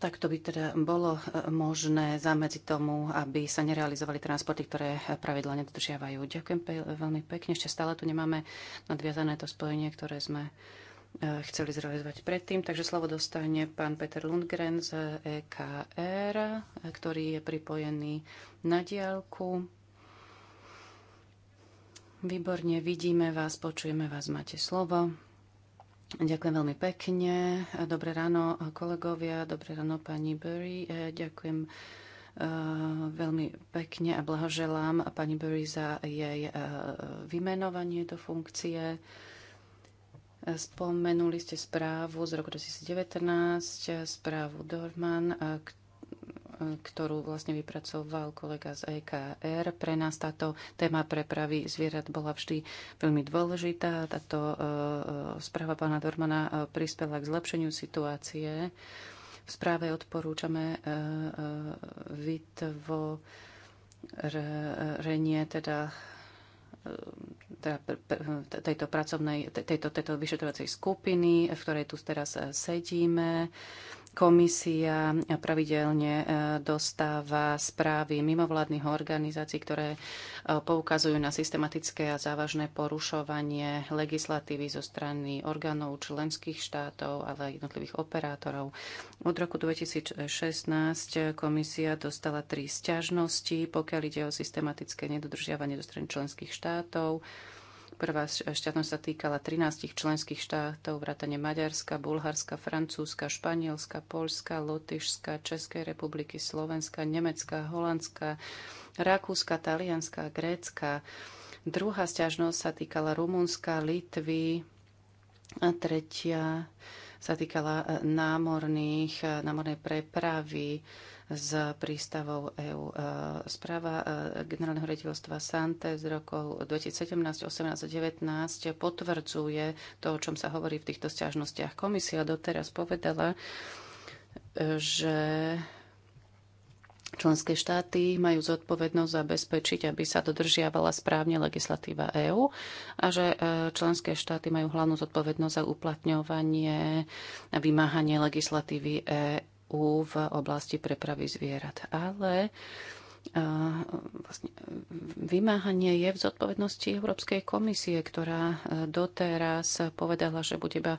ehm, to by teda bolo eh, možné zamedziť tomu, aby sa nerealizovali transporty, ktoré pravidla nedodržiavajú. Ďakujem pe- veľmi pekne. Ešte stále tu nemáme nadviazané to spojenie, ktoré sme eh, chceli zrealizovať predtým. Takže slovo dostane pán Peter Lundgren z EKR, ktorý je pripojený na diálku. Výborne, vidíme vás, počujeme vás, máte slovo. Ďakujem veľmi pekne. Dobré ráno, kolegovia. Dobré ráno, pani Burry. E, ďakujem e, veľmi pekne a blahoželám pani Burry za jej e, vymenovanie do funkcie. Spomenuli ste správu z roku 2019, správu Dorman, ktorú vlastne vypracoval kolega z EKR. Pre nás táto téma prepravy zvierat bola vždy veľmi dôležitá. Táto e, e, správa pána Dormana e, prispela k zlepšeniu situácie. V správe odporúčame vytvorenie teda teda, tejto pracovnej, tejto, tejto vyšetrovacej skupiny, v ktorej tu teraz sedíme. Komisia pravidelne e, dostáva správy mimovládnych organizácií, ktoré e, poukazujú na systematické a závažné porušovanie legislatívy zo strany orgánov členských štátov, ale aj jednotlivých operátorov. Od roku 2016 komisia dostala tri sťažnosti, pokiaľ ide o systematické nedodržiavanie zo strany členských štátov Prvá šťastnosť sa týkala 13 členských štátov, vrátane Maďarska, Bulharska, Francúzska, Španielska, Polska, Lotyšska, Českej republiky, Slovenska, Nemecka, Holandska, Rakúska, Talianska, Grécka. Druhá sťažnosť sa týkala Rumunska, Litvy a tretia sa týkala e, námorných, e, námornej prepravy z prístavov EÚ. E, správa e, generálneho rediteľstva Sante z rokov 2017, 18 a 19 potvrdzuje to, o čom sa hovorí v týchto stiažnostiach. Komisia doteraz povedala, e, že Členské štáty majú zodpovednosť zabezpečiť, aby sa dodržiavala správne legislatíva EÚ a že členské štáty majú hlavnú zodpovednosť za uplatňovanie a vymáhanie legislatívy EÚ v oblasti prepravy zvierat. Ale vlastne vymáhanie je v zodpovednosti Európskej komisie, ktorá doteraz povedala, že bude iba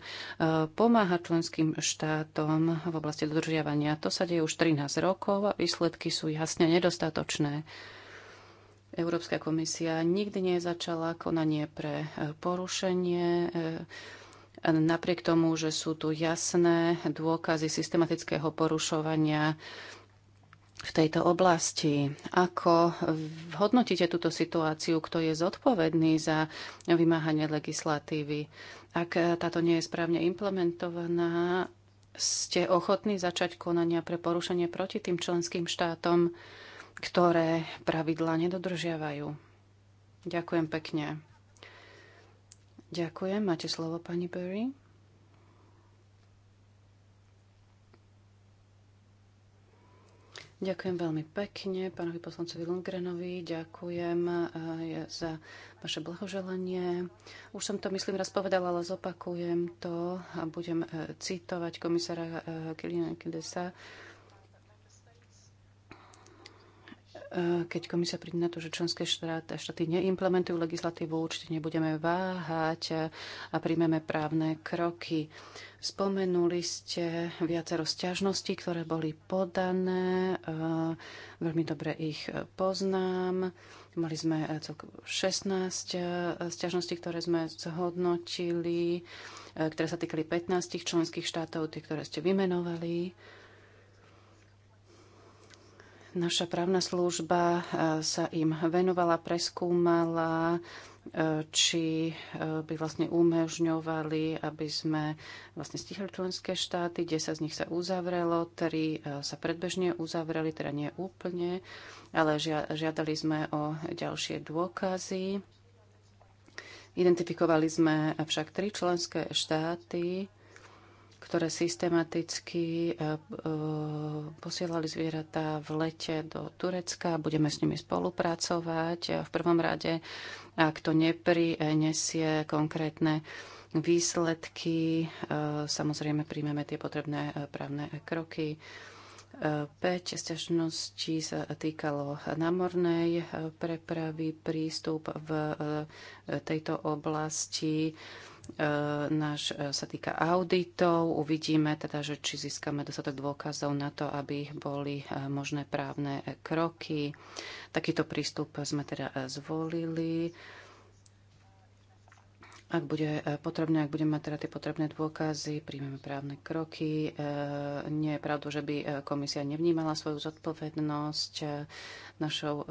pomáhať členským štátom v oblasti dodržiavania. To sa deje už 13 rokov a výsledky sú jasne nedostatočné. Európska komisia nikdy nezačala konanie pre porušenie e, napriek tomu, že sú tu jasné dôkazy systematického porušovania v tejto oblasti. Ako hodnotíte túto situáciu? Kto je zodpovedný za vymáhanie legislatívy? Ak táto nie je správne implementovaná, ste ochotní začať konania pre porušenie proti tým členským štátom, ktoré pravidlá nedodržiavajú? Ďakujem pekne. Ďakujem. Máte slovo, pani Berry. Ďakujem veľmi pekne pánovi poslancovi Lundgrenovi, ďakujem eh, za vaše blahoželanie. Už som to, myslím, raz povedala, ale zopakujem to a budem eh, citovať komisára eh, Kilina Kidesa, Eh, keď komisia príde na to, že členské štáty, štáty neimplementujú legislatívu, určite nebudeme váhať eh, a príjmeme právne kroky. Spomenuli ste viacero sťažností, ktoré boli podané. Eh, veľmi dobre ich poznám. Mali sme 16 sťažností, ktoré sme zhodnotili, ktoré sa týkali 15 členských štátov, tie, ktoré ste vymenovali. Naša právna služba e, sa im venovala, preskúmala, e, či e, by vlastne umožňovali, aby sme vlastne stihli členské štáty, 10 z nich sa uzavrelo, 3 sa predbežne uzavreli, teda nie úplne, ale žiadali sme o ďalšie dôkazy. Identifikovali sme však tri členské štáty, ktoré systematicky e, e, posielali zvieratá v lete do Turecka. Budeme s nimi spolupracovať. V prvom rade, ak to neprinesie e, konkrétne výsledky, samozrejme príjmeme tie potrebné právne kroky. 5 sťažností sa týkalo námornej prepravy, prístup v tejto oblasti E, náš e, sa týka auditov. Uvidíme teda, že či získame dostatok dôkazov na to, aby boli e, možné právne kroky. Takýto prístup sme teda zvolili. Ak bude potrebné, ak budeme mať teda tie potrebné dôkazy, príjmeme právne kroky. Nie je pravdu, že by komisia nevnímala svoju zodpovednosť. Našou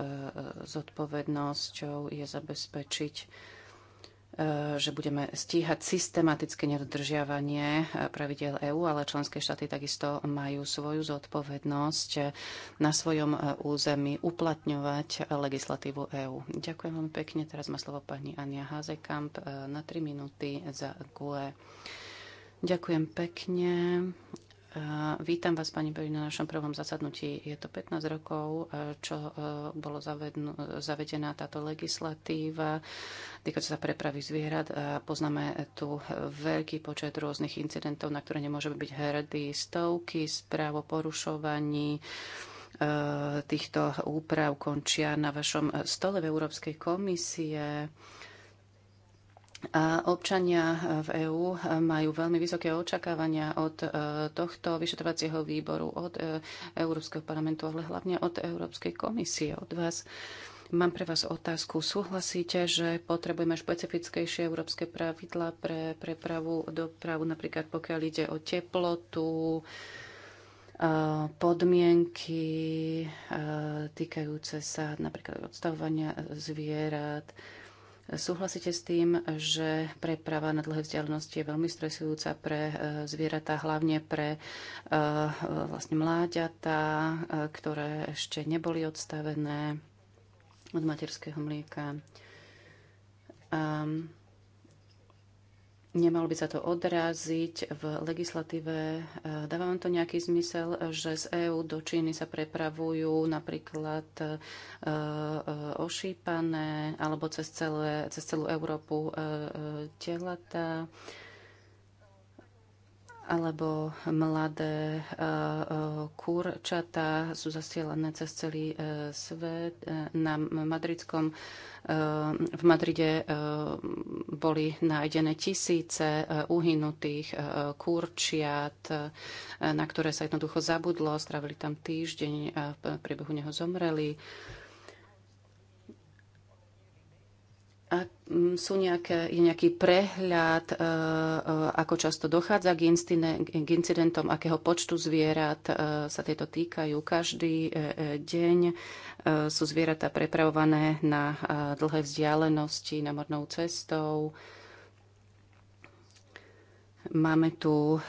zodpovednosťou je zabezpečiť E, že budeme stíhať systematické nedodržiavanie e, pravidel EÚ, ale členské štáty takisto majú svoju zodpovednosť e, na svojom území uplatňovať legislatívu EÚ. Ďakujem vám pekne. Teraz má slovo pani Ania Hazekamp na 3 minúty za GUE. Ďakujem pekne. Eh, vítam vás, pani Beri, na našom prvom zasadnutí. Je to 15 rokov, eh, čo eh, bolo zavednú, zavedená táto legislatíva týkajúca sa prepravy zvierat. A poznáme tu veľký počet rôznych incidentov, na ktoré nemôžeme byť hrdí. Stovky správ o porušovaní týchto úprav končia na vašom stole v Európskej komisie a občania v EÚ e, majú veľmi vysoké očakávania od e, tohto vyšetrovacieho výboru, od e, Európskeho parlamentu, ale hlavne od Európskej komisie, od vás. Mám pre vás otázku. Súhlasíte, že potrebujeme špecifickejšie európske pravidla pre prepravu, dopravu, napríklad pokiaľ ide o teplotu, podmienky týkajúce sa napríklad odstavovania zvierat, Súhlasíte s tým, že preprava na dlhé vzdialenosti je veľmi stresujúca pre e, zvieratá, hlavne pre e, vlastne mláďatá, e, ktoré ešte neboli odstavené od materského mlieka. Um, Nemalo by sa to odraziť v legislatíve. Eh, dáva vám to nejaký zmysel, eh, že z EÚ do Číny sa prepravujú napríklad eh, ošípané alebo cez, celé, cez celú Európu telatá? alebo mladé eh, eh, kurčatá sú zasielané cez celý eh, svet. Na madridskom, v Madride boli nájdené tisíce uhynutých kurčiat, na ktoré sa jednoducho zabudlo, strávili tam týždeň a v priebehu neho zomreli. A mm, sú nejaké, je nejaký prehľad, e, e, ako často dochádza k, instine, k incidentom, akého počtu zvierat e, sa tieto týkajú. Každý deň sú zvieratá prepravované na dlhé vzdialenosti, na mornou cestou Máme tu e,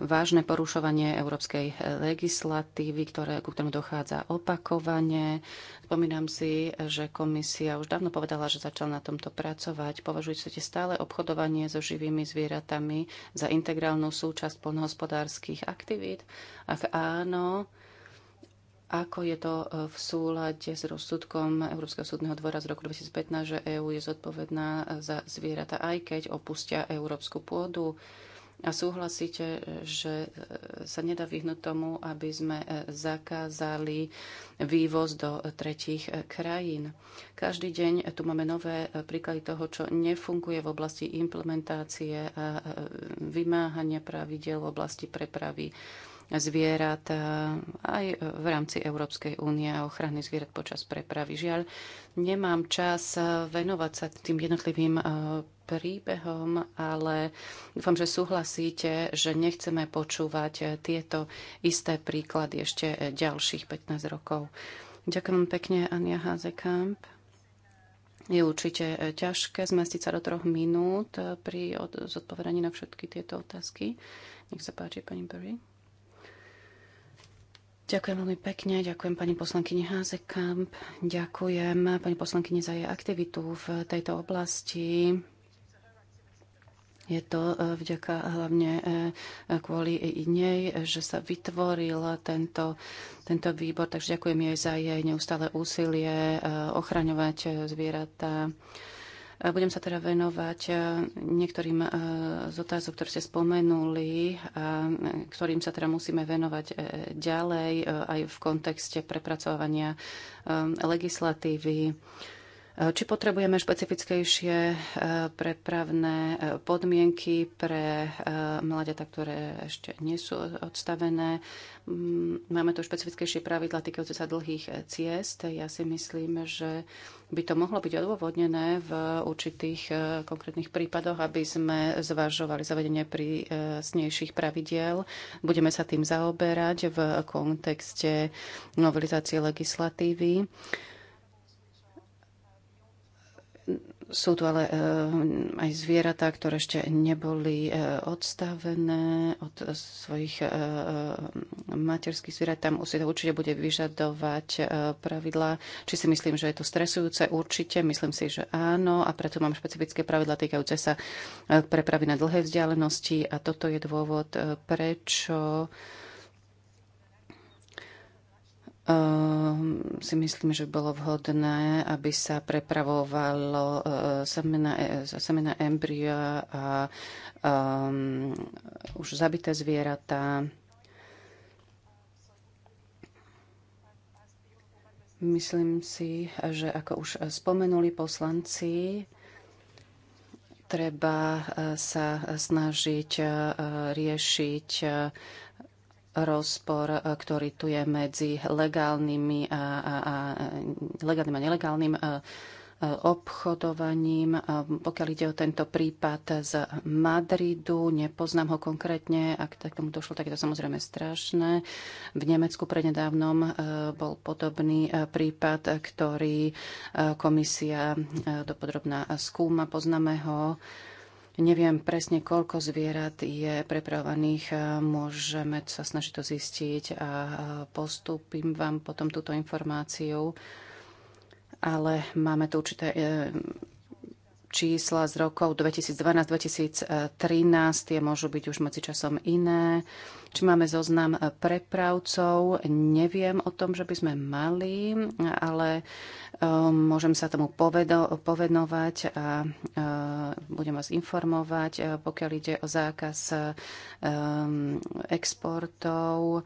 vážne porušovanie európskej legislatívy, ktoré, ku ktorému dochádza opakovane. Spomínam si, že komisia už dávno povedala, že začala na tomto pracovať. Považujete stále obchodovanie so živými zvieratami za integrálnu súčasť poľnohospodárskych aktivít? Ak áno, ako je to e, v súlade s rozsudkom Európskeho súdneho dvora z roku 2015, že EÚ je zodpovedná za zvieratá, aj keď opustia európsku pôdu. A súhlasíte, že e, sa nedá vyhnúť tomu, aby sme e, zakázali vývoz do tretích krajín. Každý deň tu máme nové príklady toho, čo nefunguje v oblasti implementácie a vymáhania pravidel v oblasti prepravy zvierat eh, aj v rámci Európskej únie a ochrany zvierat počas prepravy. Žiaľ, nemám čas eh, venovať sa tým jednotlivým eh, príbehom, ale dúfam, že súhlasíte, že nechceme počúvať tieto isté príklady ešte ďalších 15 rokov. Ďakujem pekne, Ania Házekamp. Je určite ťažké zmestiť sa do troch minút pri zodpovedaní na všetky tieto otázky. Nech sa páči, pani Berry. Ďakujem veľmi pekne, ďakujem pani poslankyni Házekamp, ďakujem pani poslankyni za jej aktivitu v tejto oblasti. Je to e, vďaka e, hlavne e, kvôli nej, že sa vytvoril tento, tento výbor, takže ďakujem jej za jej neustále úsilie ochraňovať zvieratá. E, budem sa teda venovať e, niektorým e, z otázok, ktoré ste spomenuli, ktorým sa teda musíme venovať ďalej aj v kontexte prepracovania legislatívy či potrebujeme špecifickejšie e, prepravné e, podmienky pre e, mladiatá, ktoré ešte nie sú odstavené? Mm, máme tu špecifickejšie pravidla týkajúce sa dlhých ciest. Ja si myslím, že by to mohlo byť odôvodnené v určitých konkrétnych prípadoch, aby sme zvažovali zavedenie prísnejších pravidiel. Budeme sa tým zaoberať v kontexte novelizácie legislatívy. Sú tu ale eh, aj zvieratá, ktoré ešte neboli eh, odstavené od svojich eh, materských zvierat. Tam si to určite bude vyžadovať pravidlá. Či si myslím, že je to stresujúce? Určite. Myslím si, že áno. A preto mám špecifické pravidla týkajúce sa prepravy na dlhé vzdialenosti. A toto je dôvod, prečo Ehm, si myslím, že bolo vhodné, aby sa prepravovalo eh, semena, eh, semena embrya a um, už zabité zvieratá. Myslím si, že ako už spomenuli poslanci, treba eh, sa snažiť riešiť rozpor, eh, ktorý tu je medzi legálnymi a, a, a, legálnym a nelegálnym eh, eh, obchodovaním. Pokiaľ ide o tento prípad z Madridu, nepoznám ho konkrétne, ak tak tomu došlo, tak je to samozrejme strašné. V Nemecku prednedávnom bol podobný prípad, ktorý komisia dopodrobná skúma, poznáme ho Neviem presne, koľko zvierat je prepravovaných. Môžeme sa snažiť to zistiť a postúpim vám potom túto informáciu. Ale máme tu určité e, čísla z rokov 2012-2013, tie môžu byť už medzičasom iné. Či máme zoznam prepravcov, neviem o tom, že by sme mali, ale Ehm, môžem sa tomu povenovať a ehm, budem vás informovať, e, pokiaľ ide o zákaz ehm, exportov. E,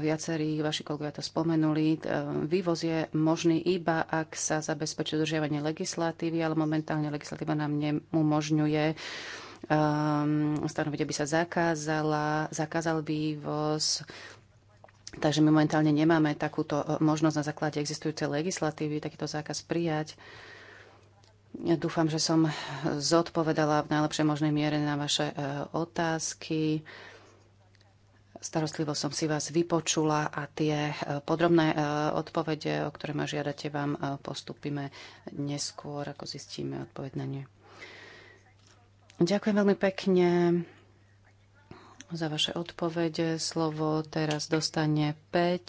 viacerí vaši kolegovia to spomenuli. E, vývoz je možný iba, ak sa zabezpečí dodržiavanie legislatívy, ale momentálne legislatíva nám neumožňuje stanoviť, aby sa zakázala, zakázal vývoz Takže my momentálne nemáme takúto e, možnosť na základe existujúcej legislatívy takýto zákaz prijať. Ja dúfam, že som zodpovedala v najlepšej možnej miere na vaše e, otázky. Starostlivo som si vás vypočula a tie e, podrobné odpovede, o ktoré ma žiadate, vám postupíme neskôr, ako zistíme odpovedanie. Ďakujem veľmi pekne za vaše odpovede. Slovo teraz dostane 5 eh,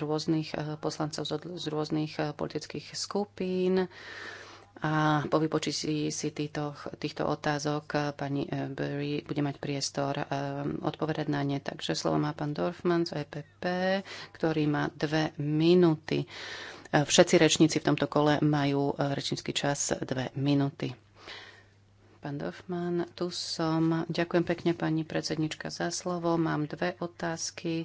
rôznych eh, poslancov z rôznych eh, politických skupín. A po vypočutí si týchto, týchto otázok pani Berry bude mať priestor odpovedať na ne. Takže slovo má pán Dorfman z EPP, ktorý má dve minúty. Všetci rečníci v tomto kole majú rečnícky čas dve minúty pán Dorfman. Tu som. Ďakujem pekne, pani predsednička, za slovo. Mám dve otázky.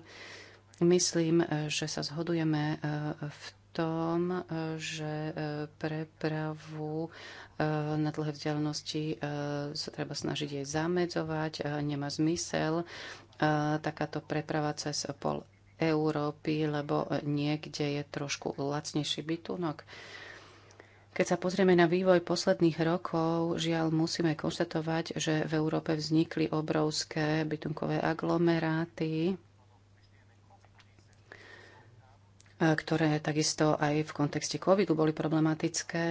Myslím, že sa zhodujeme eh, v tom, eh, že eh, prepravu na dlhé vzdialenosti sa treba snažiť jej zamedzovať. Nemá zmysel takáto preprava cez pol Európy, lebo niekde je trošku lacnejší bytunok. Keď sa pozrieme na vývoj posledných rokov, žiaľ musíme konštatovať, že v Európe vznikli obrovské bytunkové aglomeráty, ktoré takisto aj v kontexte covidu boli problematické.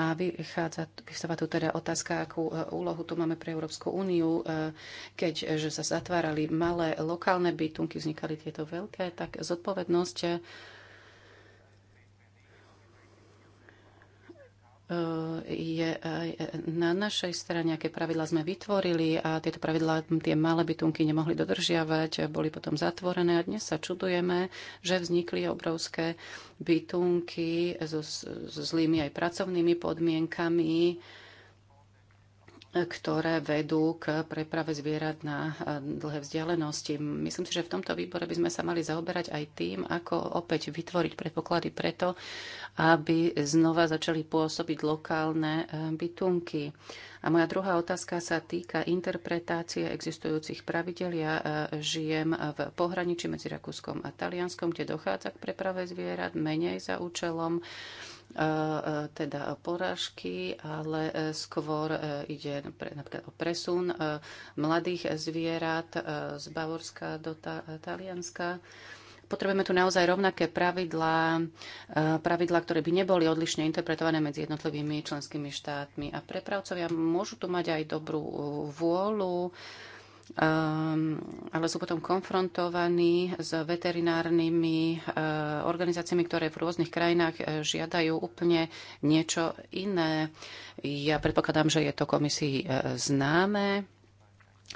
A vychádza, vyvstáva tu teda otázka, akú e, úlohu tu máme pre Európsku úniu. E, keďže sa zatvárali malé lokálne bytunky, vznikali tieto veľké, tak zodpovednosť E, je aj e, na našej strane, aké pravidlá sme vytvorili a tieto pravidlá tie malé bytunky nemohli dodržiavať, boli potom zatvorené a dnes sa čudujeme, že vznikli obrovské bytunky so, so zlými aj pracovnými podmienkami, ktoré vedú k preprave zvierat na eh, dlhé vzdialenosti. Myslím si, že v tomto výbore by sme sa mali zaoberať aj tým, ako opäť vytvoriť predpoklady preto, aby znova začali pôsobiť lokálne eh, bytunky. A moja druhá otázka sa týka interpretácie existujúcich pravidel. Ja eh, žijem v pohraničí medzi Rakúskom a Talianskom, kde dochádza k preprave zvierat menej za účelom teda porážky, ale e, skôr e, ide napríklad o presun e, mladých zvierat z Bavorska do Talianska. Potrebujeme tu naozaj rovnaké pravidlá, pravidlá, ktoré by neboli odlišne interpretované medzi jednotlivými členskými štátmi. A prepravcovia môžu tu mať aj dobrú vôľu, Ehm, ale sú potom konfrontovaní s veterinárnymi eh, organizáciami, ktoré v rôznych krajinách eh, žiadajú úplne niečo iné. Ja predpokladám, že je to komisii eh, známe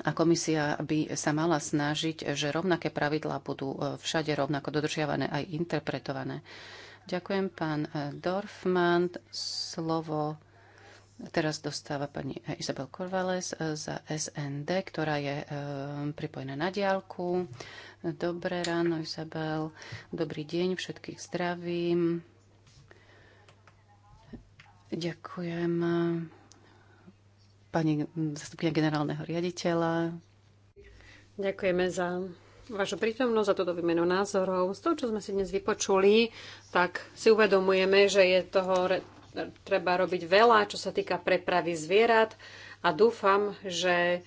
a komisia by sa mala snažiť, že rovnaké pravidlá budú všade rovnako dodržiavané aj interpretované. Ďakujem, pán Dorfman. Slovo Teraz dostáva pani Isabel Korvales eh, za SND, ktorá je eh, pripojená na diálku. Dobré ráno, Isabel. Dobrý deň, všetkých zdravím. Ďakujem eh, pani zastupkynia generálneho riaditeľa. Ďakujeme za vašu prítomnosť, za túto výmenu názorov. Z toho, čo sme si dnes vypočuli, tak si uvedomujeme, že je toho treba robiť veľa, čo sa týka prepravy zvierat a dúfam, že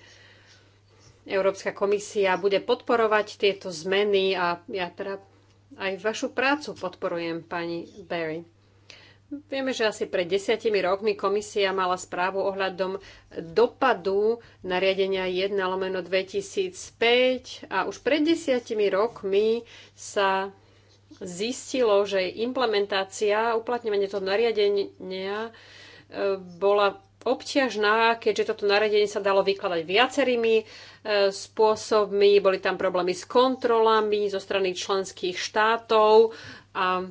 Európska komisia bude podporovať tieto zmeny a ja teda aj vašu prácu podporujem, pani Barry. Vieme, že asi pred desiatimi rokmi komisia mala správu ohľadom dopadu nariadenia 1 lomeno 2005 a už pred desiatimi rokmi sa zistilo, že implementácia, uplatňovanie toho nariadenia e, bola obťažná, keďže toto nariadenie sa dalo vykladať viacerými e, spôsobmi. Boli tam problémy s kontrolami zo strany členských štátov a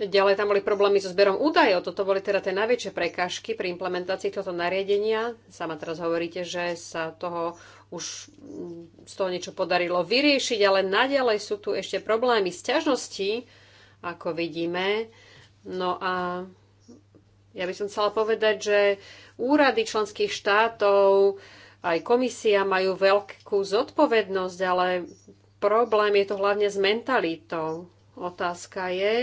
ďalej tam boli problémy so zberom údajov. Toto boli teda tie najväčšie prekážky pri implementácii tohto nariadenia. Sama teraz hovoríte, že sa toho už mm, z toho niečo podarilo vyriešiť, ale naďalej sú tu ešte problémy s ťažnosti, ako vidíme. No a ja by som chcela povedať, že úrady členských štátov, aj komisia majú veľkú zodpovednosť, ale problém je to hlavne s mentalitou. Otázka je,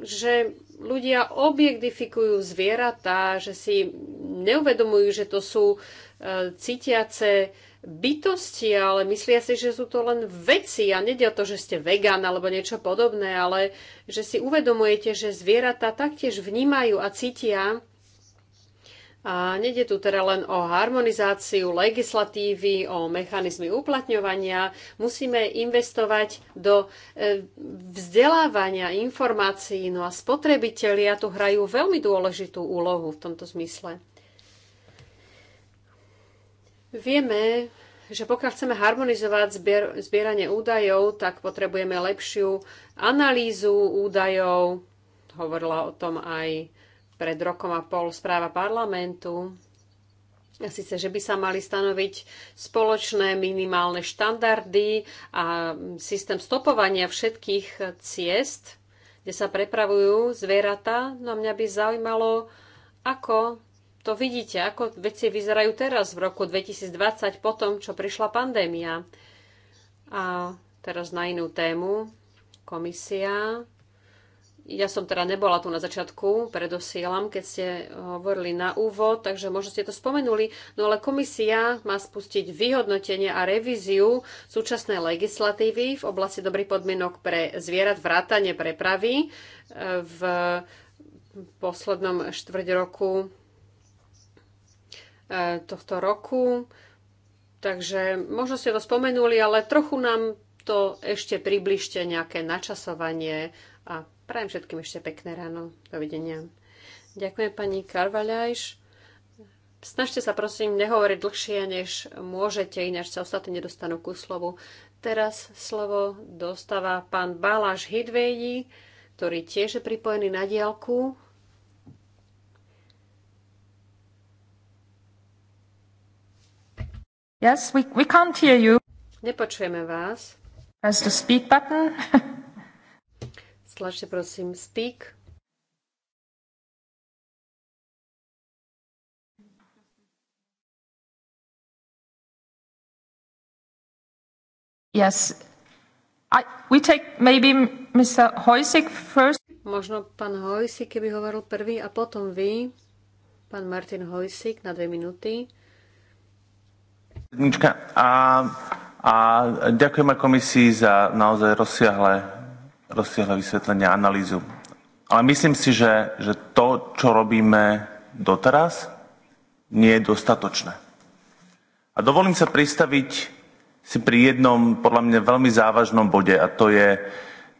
že ľudia objektifikujú zvieratá, že si neuvedomujú, že to sú cítiace bytosti, ale myslia si, že sú to len veci a nedia to, že ste vegan alebo niečo podobné, ale že si uvedomujete, že zvieratá taktiež vnímajú a cítia. A nede tu teda len o harmonizáciu legislatívy, o mechanizmy uplatňovania. Musíme investovať do e, vzdelávania informácií. No a spotrebitelia tu hrajú veľmi dôležitú úlohu v tomto zmysle. Vieme, že pokiaľ chceme harmonizovať zbier, zbieranie údajov, tak potrebujeme lepšiu analýzu údajov. Hovorila o tom aj pred rokom a pol správa parlamentu. A síce, že by sa mali stanoviť spoločné minimálne štandardy a systém stopovania všetkých ciest, kde sa prepravujú zvieratá. No mňa by zaujímalo, ako to vidíte, ako veci vyzerajú teraz v roku 2020 po tom, čo prišla pandémia. A teraz na inú tému. Komisia. Ja som teda nebola tu na začiatku, predosielam, keď ste hovorili na úvod, takže možno ste to spomenuli, no ale komisia má spustiť vyhodnotenie a revíziu súčasnej legislatívy v oblasti dobrých podmienok pre zvierat vrátane prepravy v poslednom štvrť roku tohto roku. Takže možno ste to spomenuli, ale trochu nám to ešte približte nejaké načasovanie a prajem všetkým ešte pekné ráno. Dovidenia. Ďakujem pani Karvaľajš. Snažte sa prosím nehovoriť dlhšie, než môžete, ináč sa ostatní nedostanú ku slovu. Teraz slovo dostáva pán Baláš Hidvejdi, ktorý tiež je pripojený na diálku. Yes, we, we can't hear you. Nepočujeme vás. Press the speak button. Stlačte prosím speak. Yes. I, we take maybe Mr. Hojsik first. Možno pán Hojsik, keby hovoril prvý a potom vy, pán Martin Hojsik na dve minúty. A, a ďakujeme komisii za naozaj rozsiahle, rozsiahle vysvetlenie a analýzu. Ale myslím si, že, že to, čo robíme doteraz, nie je dostatočné. A dovolím sa pristaviť si pri jednom, podľa mňa, veľmi závažnom bode, a to je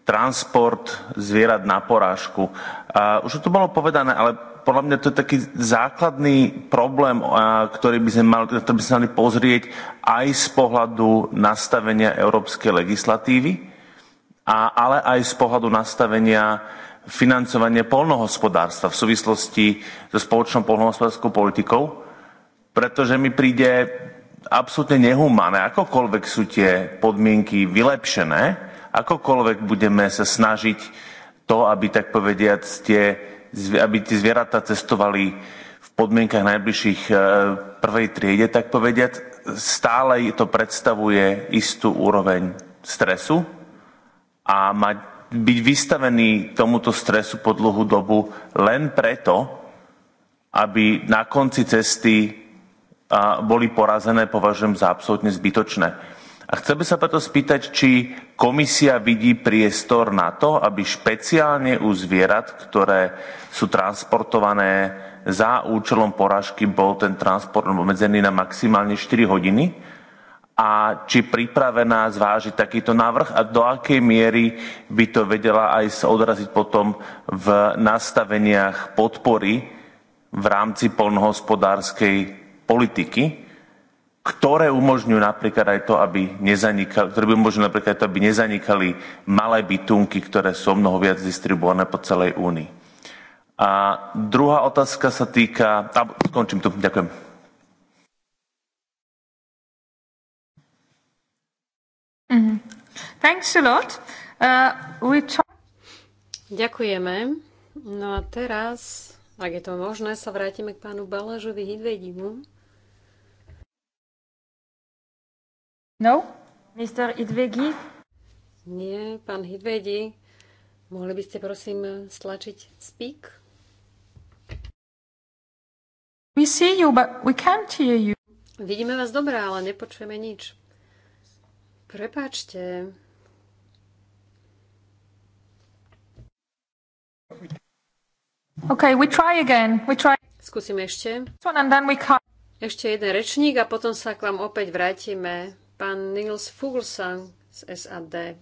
transport zvierat na porážku. A už to bolo povedané, ale podľa mňa to je taký základný problém, ktorý by sme mali, ktorý by sme mali pozrieť aj z pohľadu nastavenia európskej legislatívy, a, ale aj z pohľadu nastavenia financovania polnohospodárstva v súvislosti so spoločnou polnohospodárskou politikou, pretože mi príde absolútne nehumané, akokoľvek sú tie podmienky vylepšené, akokoľvek budeme sa snažiť to, aby tak povediať tie aby tie zvieratá cestovali v podmienkach najbližších e, prvej triede, tak povediať, stále to predstavuje istú úroveň stresu a mať, byť vystavený tomuto stresu po dlhú dobu len preto, aby na konci cesty boli porazené, považujem za absolútne zbytočné a by sa preto spýtať, či komisia vidí priestor na to, aby špeciálne u zvierat, ktoré sú transportované za účelom poražky, bol ten transport obmedzený na maximálne 4 hodiny a či pripravená zvážiť takýto návrh a do akej miery by to vedela aj sa odraziť potom v nastaveniach podpory v rámci polnohospodárskej politiky ktoré umožňujú napríklad aj to, aby nezanikali, ktoré by umožňujú napríklad to, aby nezanikali malé bytunky, ktoré sú mnoho viac distribuované po celej únii. A druhá otázka sa týka... A skončím tu, ďakujem. Mm-hmm. Thanks a lot. Uh, we talk... Ďakujeme. No a teraz, ak je to možné, sa vrátime k pánu Balažovi Hidvedimu No? Mr. Idvegi? Nie, pán Hidvedi. Mohli by ste prosím stlačiť speak? We see you, but we can't hear you. Vidíme vás dobre, ale nepočujeme nič. Prepáčte. OK, we try again. We try. Skúsim ešte. Ešte jeden rečník a potom sa k vám opäť vrátime pán Nils Fuglsang z SAD.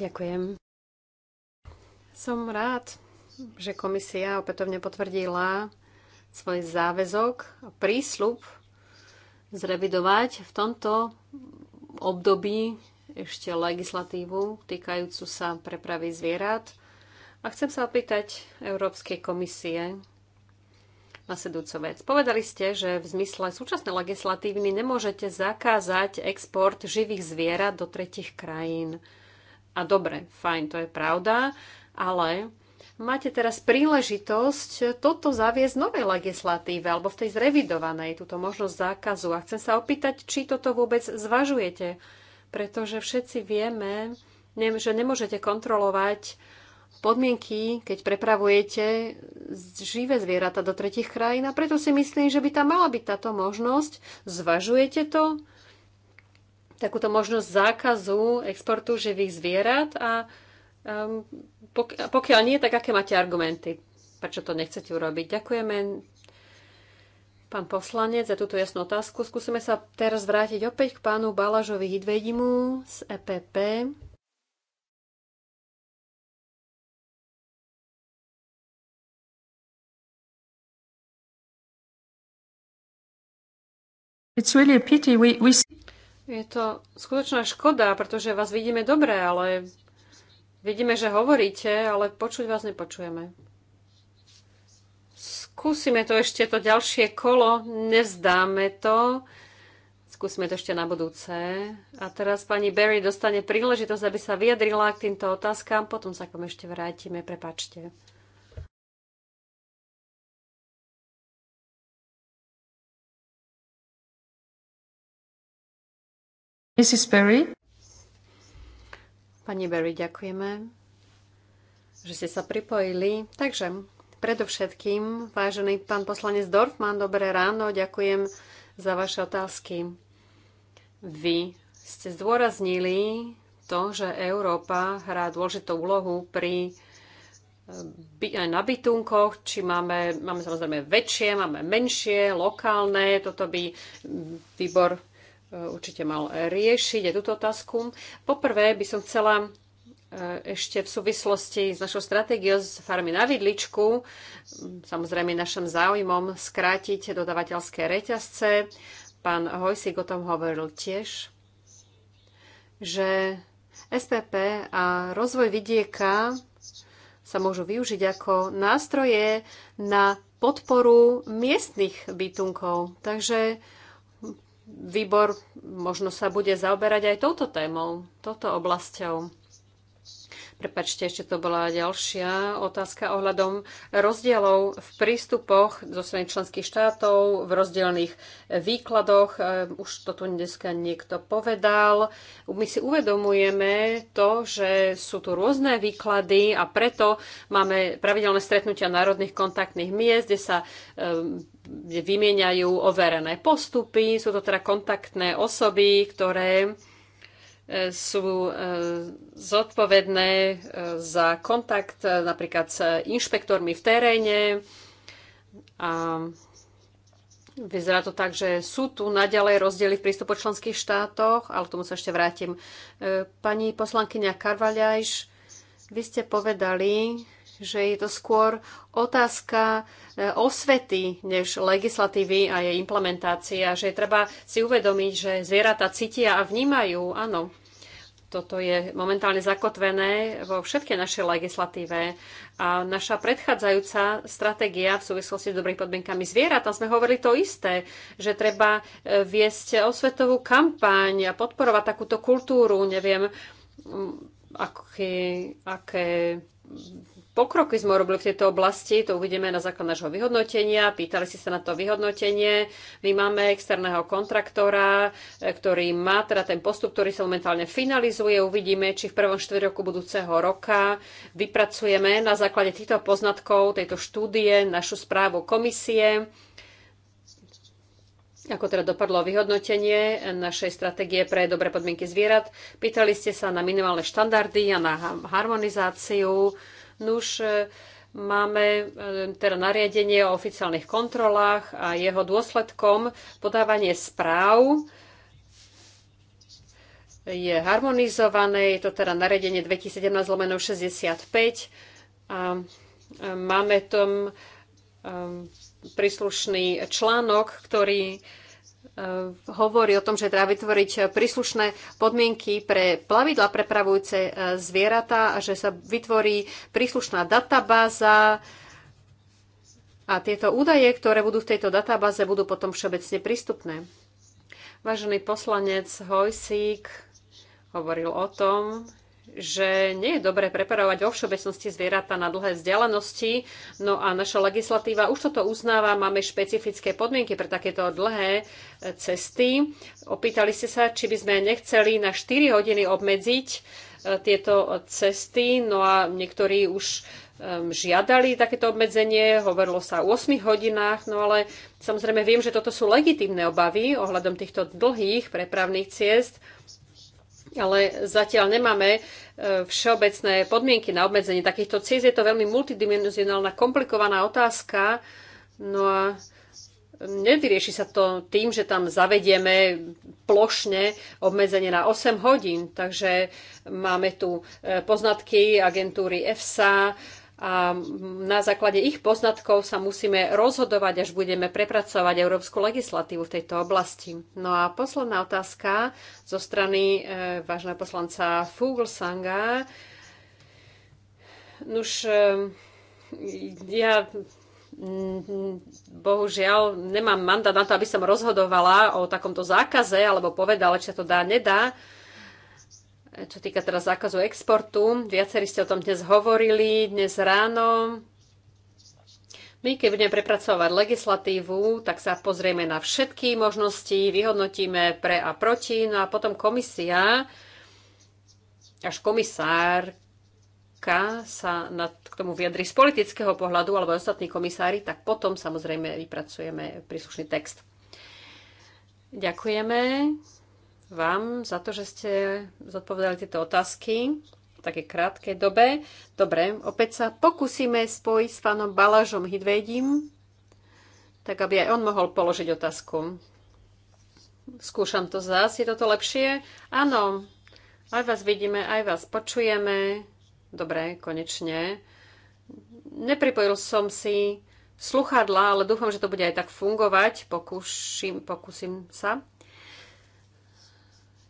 Ďakujem. Som rád, že komisia opätovne potvrdila svoj záväzok a prísľub zrevidovať v tomto období ešte legislatívu týkajúcu sa prepravy zvierat. A chcem sa opýtať Európskej komisie, nasledujúcu vec. Povedali ste, že v zmysle súčasnej legislatívny nemôžete zakázať export živých zvierat do tretich krajín. A dobre, fajn, to je pravda, ale máte teraz príležitosť toto zaviesť v novej legislatíve alebo v tej zrevidovanej, túto možnosť zákazu. A chcem sa opýtať, či toto vôbec zvažujete, pretože všetci vieme, že nemôžete kontrolovať podmienky, keď prepravujete živé zvieratá do tretich krajín a preto si myslím, že by tam mala byť táto možnosť. Zvažujete to? Takúto možnosť zákazu exportu živých zvierat a um, pokiaľ nie, tak aké máte argumenty, prečo to nechcete urobiť? Ďakujeme pán poslanec za túto jasnú otázku. Skúsime sa teraz vrátiť opäť k pánu Balažovi Hidvedimu z EPP. It's really a pity. We, we... Je to skutočná škoda, pretože vás vidíme dobre, ale vidíme, že hovoríte, ale počuť vás nepočujeme. Skúsime to ešte, to ďalšie kolo, nevzdáme to. Skúsime to ešte na budúce. A teraz pani Barry dostane príležitosť, aby sa vyjadrila k týmto otázkám, potom sa k vám ešte vrátime, prepačte. Mrs. Perry. Pani Berry, ďakujeme, že ste sa pripojili. Takže predovšetkým, vážený pán poslanec Dorfman, dobré ráno, ďakujem za vaše otázky. Vy ste zdôraznili to, že Európa hrá dôležitú úlohu pri eh, na bytunkoch, či máme, máme samozrejme väčšie, máme menšie, lokálne, toto by mm, výbor E, určite mal riešiť aj túto otázku. Poprvé by som chcela e, ešte v súvislosti s našou stratégiou z farmy na vidličku, samozrejme našim záujmom skrátiť dodavateľské reťazce. Pán Hojsik o tom hovoril tiež, že SPP a rozvoj vidieka sa môžu využiť ako nástroje na podporu miestnych bytunkov. Takže výbor možno sa bude zaoberať aj touto témou, touto oblasťou. Prepačte, ešte to bola ďalšia otázka ohľadom rozdielov v prístupoch zo strany členských štátov, v rozdielných výkladoch. Ehm, už to tu dneska niekto povedal. My si uvedomujeme to, že sú tu rôzne výklady a preto máme pravidelné stretnutia národných kontaktných miest, kde sa ehm, kde vymieňajú overené postupy. Sú to teda kontaktné osoby, ktoré E, sú e, zodpovedné e, za kontakt napríklad s inšpektormi v teréne. A vyzerá to tak, že sú tu naďalej rozdiely v prístupu členských štátoch, ale k tomu sa ešte vrátim. Pani poslankyňa Karvaľajš, vy ste povedali, že je to skôr otázka osvety než legislatívy a jej implementácia, že je treba si uvedomiť, že zvieratá cítia a vnímajú, áno. Toto je momentálne zakotvené vo všetkej našej legislatíve. A naša predchádzajúca stratégia v súvislosti s dobrými podmienkami zviera, tam sme hovorili to isté, že treba e, viesť osvetovú kampaň a podporovať takúto kultúru, neviem, aké, aké pokroky sme robili v tejto oblasti, to uvidíme na základ nášho vyhodnotenia. Pýtali ste sa na to vyhodnotenie. My máme externého kontraktora, e, ktorý má teda ten postup, ktorý sa momentálne finalizuje. Uvidíme, či v prvom roku budúceho roka vypracujeme na základe týchto poznatkov, tejto štúdie, našu správu komisie ako teda dopadlo vyhodnotenie našej stratégie pre dobré podmienky zvierat. Pýtali ste sa na minimálne štandardy a na harmonizáciu. Nuž e, máme e, teda nariadenie o oficiálnych kontrolách a jeho dôsledkom podávanie správ je harmonizované, je to teda nariadenie 2017 65 a e, máme tom príslušný článok, ktorý E, hovorí o tom, že treba vytvoriť príslušné podmienky pre plavidla prepravujúce e, zvieratá a že sa vytvorí príslušná databáza a tieto údaje, ktoré budú v tejto databáze, budú potom všeobecne prístupné. Vážený poslanec Hojsík hovoril o tom, že nie je dobré preparovať vo všeobecnosti zvieratá na dlhé vzdialenosti. No a naša legislatíva už toto uznáva, máme špecifické podmienky pre takéto dlhé e, cesty. Opýtali ste sa, či by sme nechceli na 4 hodiny obmedziť e, tieto cesty. No a niektorí už žiadali takéto obmedzenie, hovorilo sa o 8 hodinách, no ale samozrejme viem, že toto sú legitimné obavy ohľadom týchto dlhých prepravných ciest ale zatiaľ nemáme e, všeobecné podmienky na obmedzenie takýchto ciest. Je to veľmi multidimenzionálna, komplikovaná otázka. No a nevyrieši sa to tým, že tam zavedieme plošne obmedzenie na 8 hodín. Takže máme tu e, poznatky agentúry EFSA, a na základe ich poznatkov sa musíme rozhodovať, až budeme prepracovať európsku legislatívu v tejto oblasti. No a posledná otázka zo strany e, vážneho poslanca Fuglsanga. Nuž, e, ja mm, bohužiaľ nemám mandát na to, aby som rozhodovala o takomto zákaze alebo povedala, či sa to dá, nedá čo týka teraz zákazu exportu. Viacerí ste o tom dnes hovorili, dnes ráno. My, keď budeme prepracovať legislatívu, tak sa pozrieme na všetky možnosti, vyhodnotíme pre a proti, no a potom komisia, až komisárka sa na, k tomu vyjadri z politického pohľadu alebo ostatní komisári, tak potom samozrejme vypracujeme príslušný text. Ďakujeme vám za to, že ste zodpovedali tieto otázky v také krátkej dobe. Dobre, opäť sa pokúsime spojiť s pánom Balažom Hidvedím, tak aby aj on mohol položiť otázku. Skúšam to zás, je toto lepšie? Áno, aj vás vidíme, aj vás počujeme. Dobre, konečne. Nepripojil som si sluchadla, ale dúfam, že to bude aj tak fungovať. Pokúšim, pokúsim sa.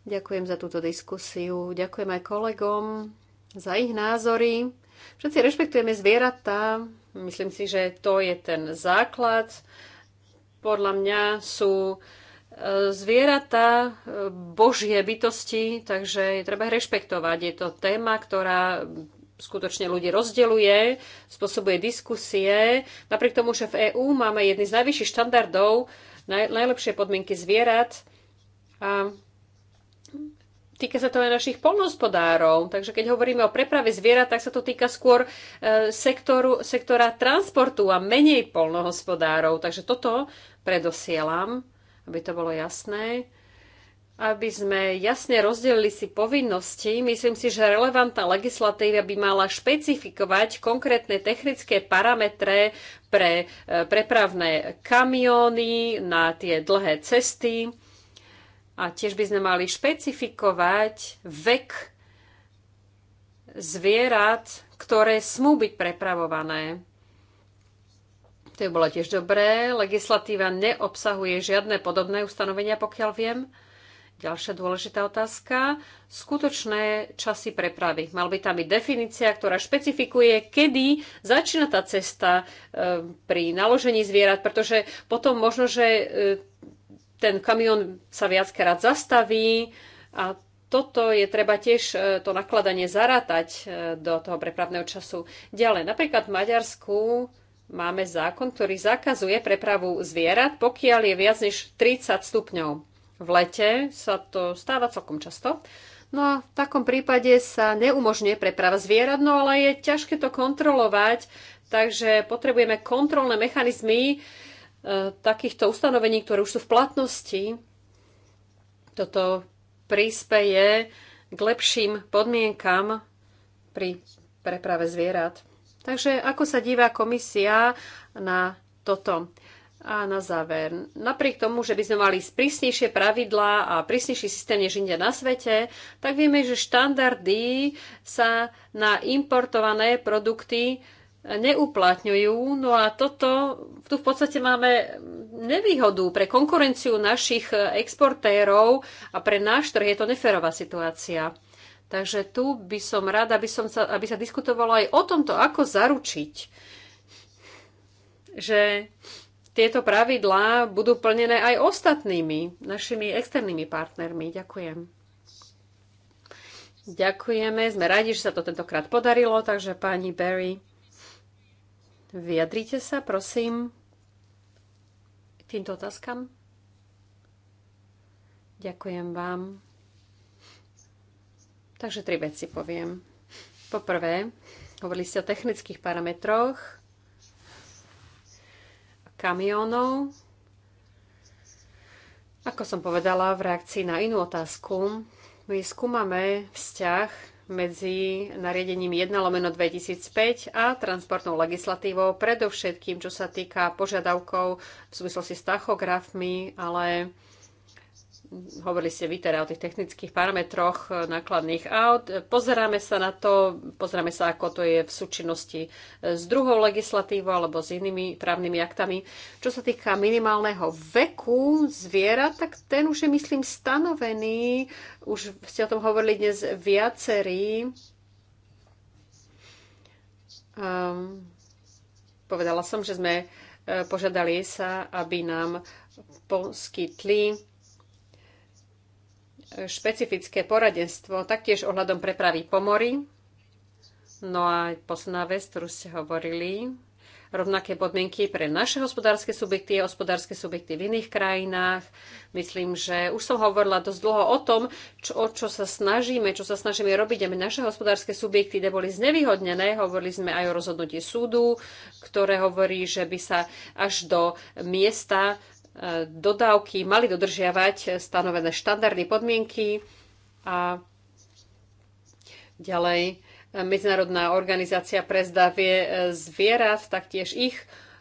Ďakujem za túto diskusiu. Ďakujem aj kolegom za ich názory. Všetci rešpektujeme zvieratá. Myslím si, že to je ten základ. Podľa mňa sú e, zvieratá e, božie bytosti, takže treba rešpektovať. Je to téma, ktorá skutočne ľudí rozdeluje, spôsobuje diskusie. Napriek tomu, že v EÚ máme jedny z najvyšších štandardov, najlepšie podmienky zvierat a týka sa to aj našich polnohospodárov. Takže keď hovoríme o preprave zvierat, tak sa to týka skôr e, sektoru, sektora transportu a menej polnohospodárov. Takže toto predosielam, aby to bolo jasné aby sme jasne rozdelili si povinnosti. Myslím si, že relevantná legislatíva by mala špecifikovať konkrétne technické parametre pre e, prepravné kamióny na tie dlhé cesty. A tiež by sme mali špecifikovať vek zvierat, ktoré smú byť prepravované. To je bolo tiež dobré. Legislatíva neobsahuje žiadne podobné ustanovenia, pokiaľ viem. Ďalšia dôležitá otázka. Skutočné časy prepravy. Mal by tam byť definícia, ktorá špecifikuje, kedy začína tá cesta eh, pri naložení zvierat, pretože potom možno, že eh, ten kamión sa viackrát zastaví a toto je treba tiež e, to nakladanie zarátať e, do toho prepravného času. Ďalej, napríklad v Maďarsku máme zákon, ktorý zakazuje prepravu zvierat, pokiaľ je viac než 30 stupňov. V lete sa to stáva celkom často. No a v takom prípade sa neumožňuje preprava zvierat, no ale je ťažké to kontrolovať, takže potrebujeme kontrolné mechanizmy, takýchto ustanovení, ktoré už sú v platnosti, toto príspeje k lepším podmienkam pri preprave zvierat. Takže ako sa díva komisia na toto? A na záver, napriek tomu, že by sme mali prísnejšie pravidlá a prísnejší systém než inde na svete, tak vieme, že štandardy sa na importované produkty neuplatňujú. No a toto, tu v podstate máme nevýhodu pre konkurenciu našich exportérov a pre náš trh je to neférová situácia. Takže tu by som rada, aby, som sa, aby sa diskutovalo aj o tomto, ako zaručiť, že tieto pravidlá budú plnené aj ostatnými našimi externými partnermi. Ďakujem. Ďakujeme, sme radi, že sa to tentokrát podarilo, takže pani Berry. Vyjadrite sa, prosím, k týmto otázkam. Ďakujem vám. Takže tri veci poviem. Poprvé, hovorili ste o technických parametroch kamionov. Ako som povedala v reakcii na inú otázku, my skúmame vzťah medzi nariadením 1 lomeno 2005 a transportnou legislatívou, predovšetkým čo sa týka požiadavkov v súvislosti s tachografmi, ale hovorili ste vy teda o tých technických parametroch e, nákladných aut. Pozeráme sa na to, pozeráme sa, ako to je v súčinnosti e, s druhou legislatívou alebo s inými právnymi aktami. Čo sa týka minimálneho veku zviera, tak ten už je, myslím, stanovený. Už ste o tom hovorili dnes viacerí. Um, povedala som, že sme e, požiadali sa, aby nám poskytli špecifické poradenstvo taktiež ohľadom prepravy pomory. No a posledná vec, ktorú ste hovorili, rovnaké podmienky pre naše hospodárske subjekty a hospodárske subjekty v iných krajinách. Myslím, že už som hovorila dosť dlho o tom, čo, o čo sa snažíme, čo sa snažíme robiť, aby naše hospodárske subjekty neboli znevýhodnené. Hovorili sme aj o rozhodnutí súdu, ktoré hovorí, že by sa až do miesta dodávky mali dodržiavať stanovené štandardy, podmienky a ďalej Medzinárodná organizácia pre zdravie zvierat, taktiež ich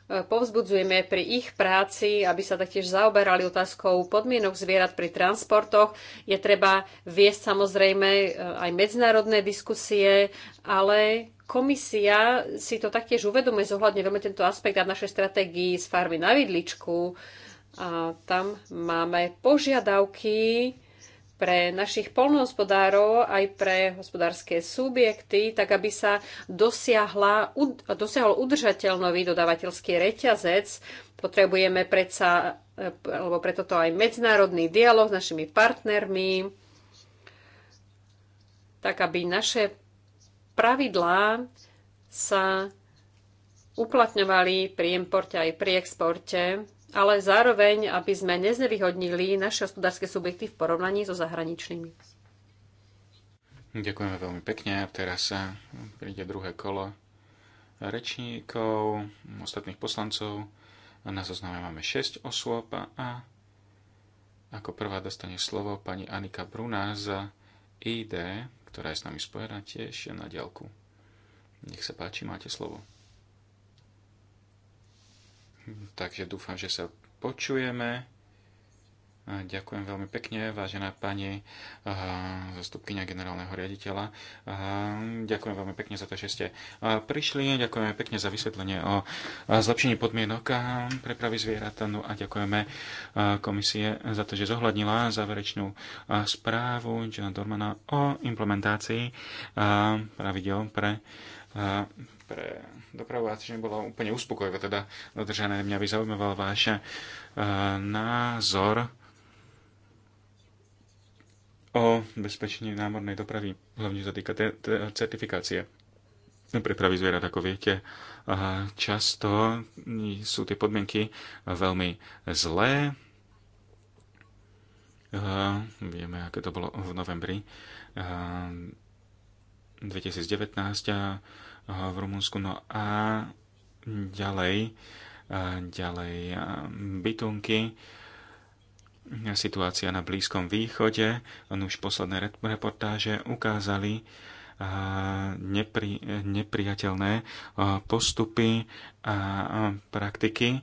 e, povzbudzujeme pri ich práci, aby sa taktiež zaoberali otázkou podmienok zvierat pri transportoch. Je treba viesť samozrejme e, aj medzinárodné diskusie, ale komisia si to taktiež uvedomuje, zohľadne veľmi tento aspekt a v našej stratégii z farmy na vidličku a tam máme požiadavky pre našich polnohospodárov, aj pre hospodárske subjekty, tak aby sa dosiahla, dosiahol udržateľnový dodávateľský reťazec. Potrebujeme predsa, e, alebo preto to aj medzinárodný dialog s našimi partnermi, tak aby naše pravidlá sa uplatňovali pri importe aj pri exporte ale zároveň, aby sme neznevýhodnili naše hospodárske subjekty v porovnaní so zahraničnými. Ďakujeme veľmi pekne. Teraz sa eh, príde druhé kolo rečníkov, ostatných poslancov. Na zozname máme 6 osôb a ako prvá dostane slovo pani Anika Bruná za ID, ktorá je s nami spojená tiež na diálku. Nech sa páči, máte slovo. Takže dúfam, že sa počujeme. A ďakujem veľmi pekne, vážená pani zastupkynia generálneho riaditeľa. ďakujem veľmi pekne za to, že ste prišli. Ďakujeme pekne za vysvetlenie o zlepšení podmienok prepravy zvierat. No a ďakujeme komisie za to, že zohľadnila záverečnú správu Johna Dormana o implementácii pravidel pre pre dopravu asi nebolo úplne uspokojivé teda dodržané. Mňa by zaujímavala váš e, názor o bezpečení námornej dopravy, hlavne sa týka certifikácie prepravy zvierat, ako viete. Často sú tie podmienky veľmi zlé. E, vieme, aké to bolo v novembri. E, 2019 eh, v Rumunsku. No a ďalej, eh, ďalej eh, bytunky, situácia na Blízkom východe. No už posledné reportáže ukázali nepri, nepriateľné postupy a praktiky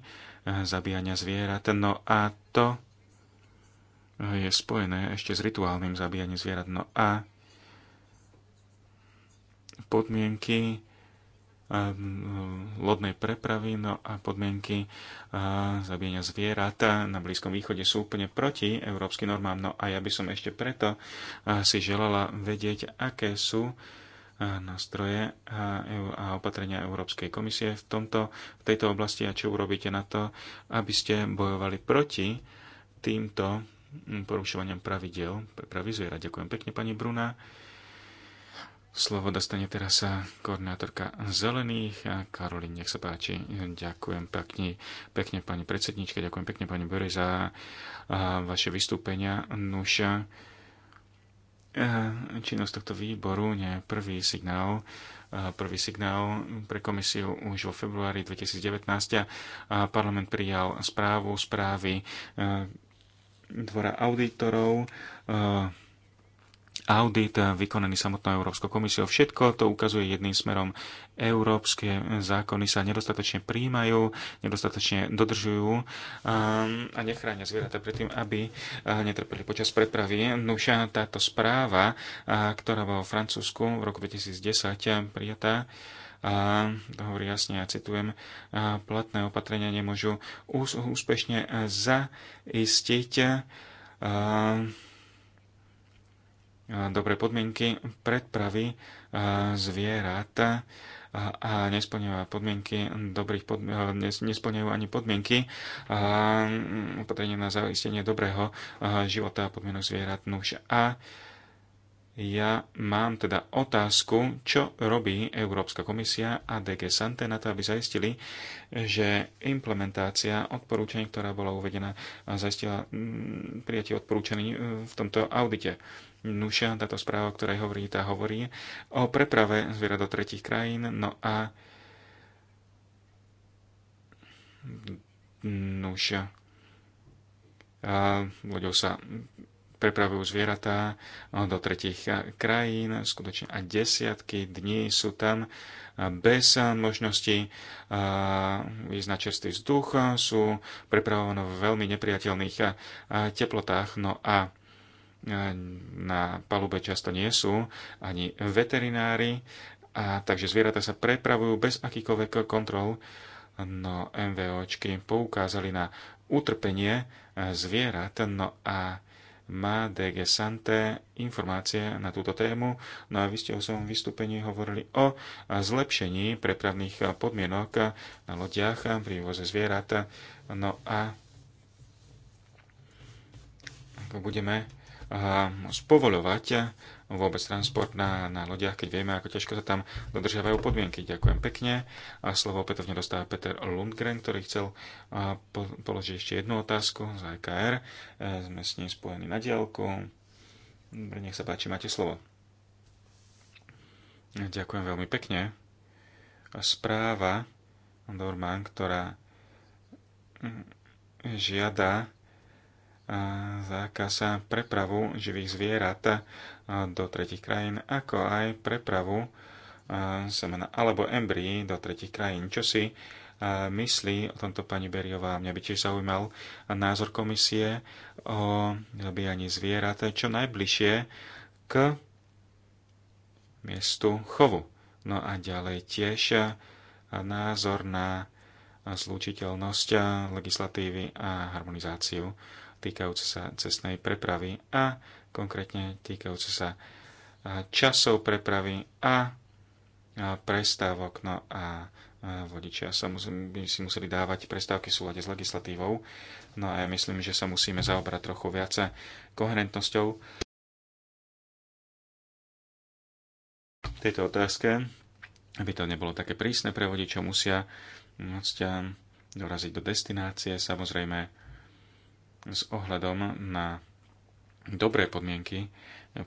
zabíjania zvierat. No a to je spojené ešte s rituálnym zabíjaním zvierat. No a podmienky ehm, lodnej prepravy no a podmienky eh, zabíjania zvierat na Blízkom východe sú úplne proti európskym normám. No a ja by som ešte preto eh, si želala vedieť, aké sú eh, nástroje a opatrenia Európskej komisie v, tomto, v tejto oblasti a čo urobíte na to, aby ste bojovali proti týmto hm, porušovaniam pravidel prepravy zvierat. Ďakujem pekne, pani Bruna. Slovo dostane teraz eh, koordinátorka Zelených, eh, Karolín, nech sa páči. Ďakujem pekne, pekne pani predsednička, ďakujem pekne pani Bory za eh, vaše vystúpenia. Nuša, činnosť tohto výboru nie je prvý signál, prvý signál pre komisiu už vo februári 2019 a parlament prijal správu správy dvora auditorov, audit vykonaný samotnou Európskou komisiou. Všetko to ukazuje jedným smerom. Európske zákony sa nedostatočne príjmajú, nedostatočne dodržujú um, a nechránia zvieratá pred tým, aby uh, netrpeli počas prepravy. Nuša táto správa, uh, ktorá bola v Francúzsku v roku 2010 um, prijatá, a to hovorí jasne, ja citujem, uh, platné opatrenia nemôžu úspešne zaistiť dobré podmienky predpravy eh, zvierat eh, a nesplňujú podmienky dobrých podmienky, eh, ani podmienky opatrenia na zaistenie dobrého života a podmienok zvierat nuž a ja mám teda otázku, čo robí Európska komisia a DG Sante na to, aby zaistili, že implementácia odporúčaní, ktorá bola uvedená, zaistila mm, prijatie odporúčaní e, v tomto audite. Nuša, táto správa, o ktorej hovorí, tá hovorí o preprave zviera do tretich krajín, no a Nuša. Loďou sa prepravujú zvieratá eh, do tretich eh, krajín, skutočne a desiatky dní sú tam eh, bez možnosti ísť na čerstvý vzduch, sú prepravované v veľmi nepriateľných teplotách. No a na palube často nie sú ani veterinári, a takže zvieratá sa prepravujú bez akýkoľvek kontrol. No MVOčky poukázali na utrpenie zvierat, no a má DG Santé informácie na túto tému. No a vy ste o svojom vystúpení hovorili o zlepšení prepravných podmienok na lodiach pri voze zvierat. No a ako budeme spovoľovať vôbec transport na, na lodiach, keď vieme, ako ťažko sa tam dodržiavajú podmienky. Ďakujem pekne. A slovo opätovne dostáva Peter Lundgren, ktorý chcel po, položiť ešte jednu otázku z IKR. E e, sme s ním spojení na diálku. Dobre, nech sa páči, máte slovo. Ďakujem veľmi pekne. Správa Dorman, ktorá mm, žiada zákaza prepravu živých zvierat do tretich krajín, ako aj prepravu semena alebo embryí do tretich krajín. Čo si myslí o tomto pani Beriová? Mňa by tiež zaujímal názor komisie o zabíjaní zvierat čo najbližšie k miestu chovu. No a ďalej tiež názor na zlučiteľnosť legislatívy a harmonizáciu týkajúce sa cestnej prepravy a konkrétne týkajúce sa časov prepravy a prestávok. No a vodičia sa by si museli dávať prestávky v súlade s legislatívou. No a ja myslím, že sa musíme zaobrať trochu viac koherentnosťou tejto otázke, aby to nebolo také prísne pre vodičov, musia môcť doraziť do destinácie, samozrejme s ohľadom na dobré podmienky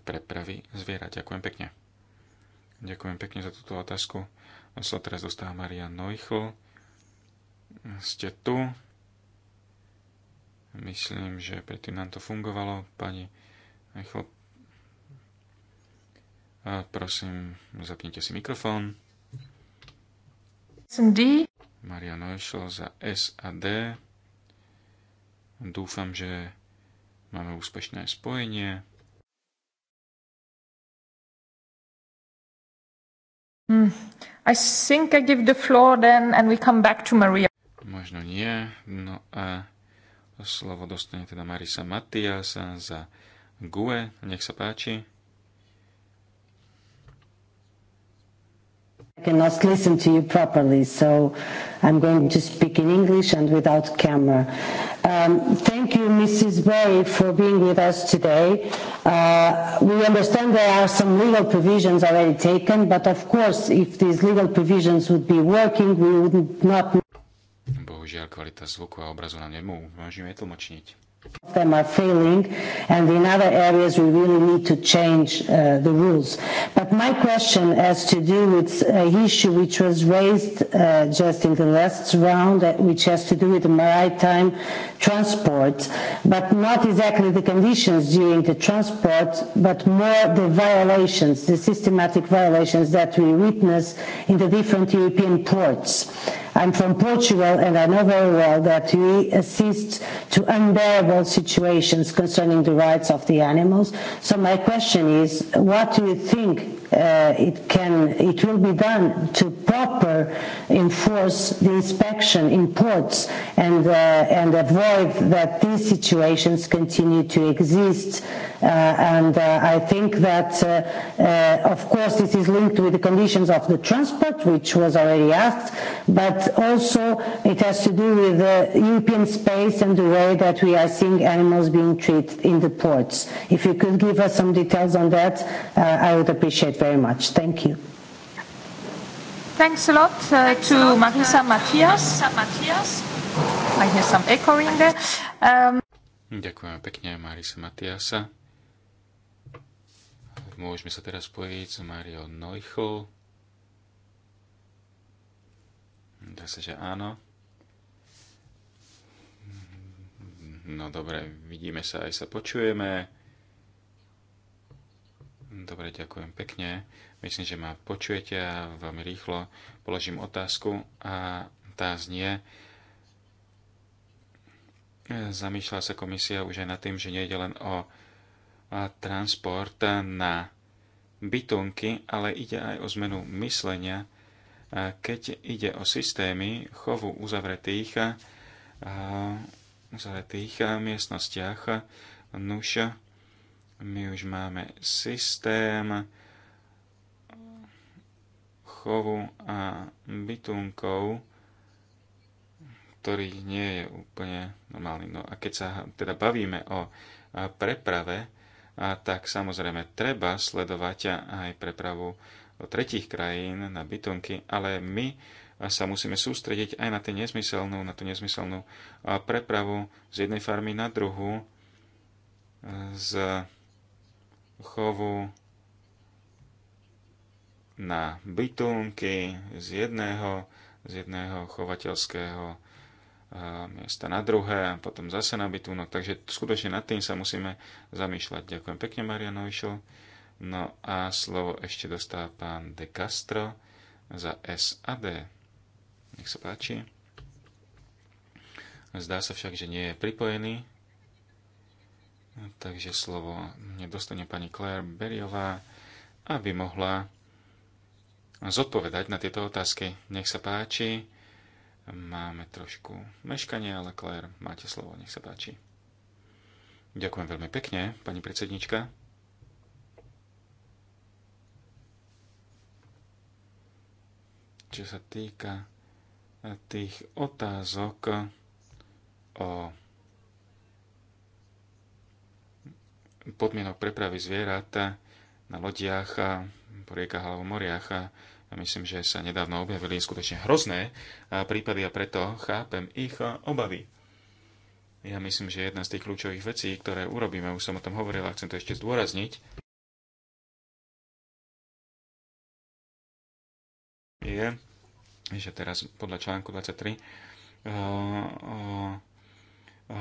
prepravy zvierat. Ďakujem pekne. Ďakujem pekne za túto otázku. sa teraz dostáva Maria Neuchl. Ste tu. Myslím, že predtým nám to fungovalo. Pani Neuchl, prosím, zapnite si mikrofón. D. Maria Neuchl za S D. Dúfam, že Máme úspešné spojenie. Hmm. I think I give the floor then and we come back to Maria. Možno nie. No a slovo dostane teda Marisa Matias za GUE. Nech sa páči. I cannot listen to you properly, so I'm going to speak in English and without camera. Um, thank you, Mrs. Berry, for being with us today. Uh, we understand there are some legal provisions already taken, but of course, if these legal provisions would be working, we would not... Bohužiaľ, kvalita zvuku a obrazu nám nemôžeme tlmočniť them are failing and in other areas we really need to change uh, the rules. But my question has to do with an issue which was raised uh, just in the last round, uh, which has to do with the maritime transport, but not exactly the conditions during the transport, but more the violations, the systematic violations that we witness in the different European ports I'm from Portugal and I know very well that we assist to unbearable situations concerning the rights of the animals. So my question is, what do you think uh, it can it will be done to proper enforce the inspection in ports and uh, and avoid that these situations continue to exist uh, and uh, I think that uh, uh, of course this is linked with the conditions of the transport which was already asked but also it has to do with the European space and the way that we are seeing animals being treated in the ports. If you could give us some details on that, uh, I would appreciate very much. Thank you. Thanks a lot uh, Thanks to Marisa Matias. Matias. I hear some echoing there. Um... Ďakujeme pekne Marisa Matiasa. Môžeme sa teraz spojiť s Mariou Neuchl. Dá sa, že áno. No dobre, vidíme sa aj sa počujeme. Dobre, ďakujem pekne. Myslím, že ma počujete a veľmi rýchlo položím otázku a tá znie. Zamýšľa sa komisia už aj nad tým, že nejde len o transport na bytunky, ale ide aj o zmenu myslenia, keď ide o systémy chovu uzavretých, uzavretých miestnostiach. Nuša, my už máme systém chovu a bytunkov, ktorý nie je úplne normálny. No a keď sa teda bavíme o preprave, a tak samozrejme treba sledovať aj prepravu do tretích krajín na bytunky, ale my sa musíme sústrediť aj na, ten nezmyselnú, na tú nezmyselnú prepravu z jednej farmy na druhú z chovu na bytunky z jedného, z jedného chovateľského eh, miesta na druhé a potom zase na bytúnok. Takže skutočne nad tým sa musíme zamýšľať. Ďakujem pekne Marianovišov. No a slovo ešte dostáva pán De Castro za SAD. Nech sa páči. Zdá sa však, že nie je pripojený. Takže slovo nedostane pani Claire Beriová, aby mohla zodpovedať na tieto otázky. Nech sa páči. Máme trošku meškanie, ale Claire, máte slovo, nech sa páči. Ďakujem veľmi pekne, pani predsednička. Čo sa týka tých otázok o podmienok prepravy zvierat na lodiach a po riekach alebo moriach. A myslím, že sa nedávno objavili skutočne hrozné prípady a preto chápem ich obavy. Ja myslím, že jedna z tých kľúčových vecí, ktoré urobíme, už som o tom hovoril a chcem to ešte zdôrazniť, je, že teraz podľa článku 23 o, o, o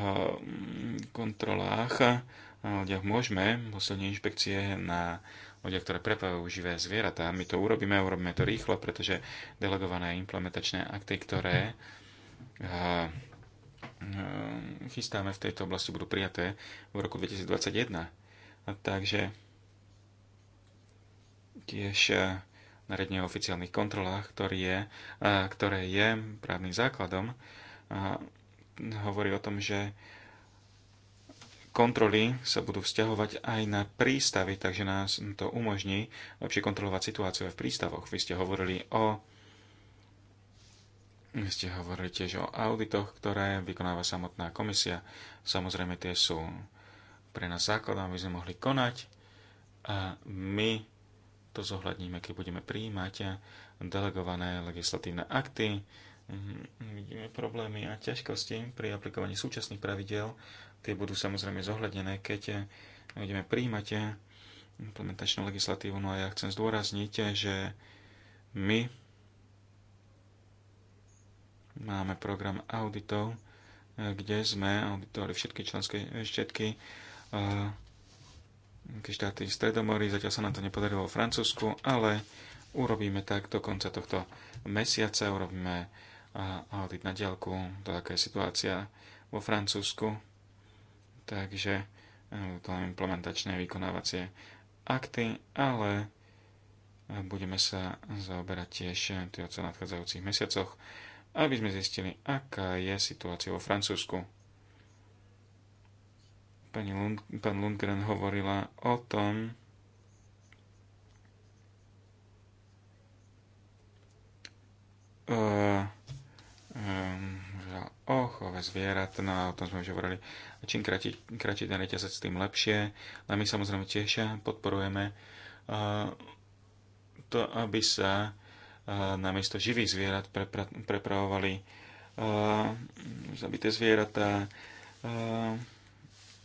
kontrolách loďach môžeme posledne inšpekcie na ľudia, ktoré prepávajú živé zvieratá. My to urobíme, urobíme to rýchlo, pretože delegované implementačné akty, ktoré eh, eh, chystáme v tejto oblasti, budú prijaté v roku 2021. A takže tiež eh, nariadenie o oficiálnych kontrolách, ktorý je, ktoré je právnym základom, hovorí o tom, že kontroly sa budú vzťahovať aj na prístavy, takže nás to umožní lepšie kontrolovať situáciu aj v prístavoch. Vy ste hovorili o vy ste hovorili tiež o auditoch, ktoré vykonáva samotná komisia. Samozrejme, tie sú pre nás základom, aby sme mohli konať. A my to zohľadníme, keď budeme príjmať delegované legislatívne akty. Mhm, vidíme problémy a ťažkosti pri aplikovaní súčasných pravidel tie budú samozrejme zohľadené, keď eh, budeme príjmať eh, implementačnú legislatívu. No a ja chcem zdôrazniť, eh, že my máme program auditov, kde sme auditovali všetky členské všetky štáty Stredomory. Zatiaľ sa nám to nepodarilo vo Francúzsku, ale urobíme tak do konca tohto mesiaca. Urobíme audit na diálku. To taká je situácia vo Francúzsku takže eh, to len implementačné vykonávacie akty, ale eh, budeme sa zaoberať tiež eh, tým, co nadchádzajúcich mesiacoch, aby sme zistili, aká je situácia vo Francúzsku. Pani Lund, pán Lundgren hovorila o tom, uh, um, och, ove zvierat, no a o tom sme už hovorili. Čím kratší, kratší ten reťazec, tým lepšie. A my samozrejme tiež podporujeme to, aby sa namiesto živých zvierat prepra- prepravovali zabité zvieratá,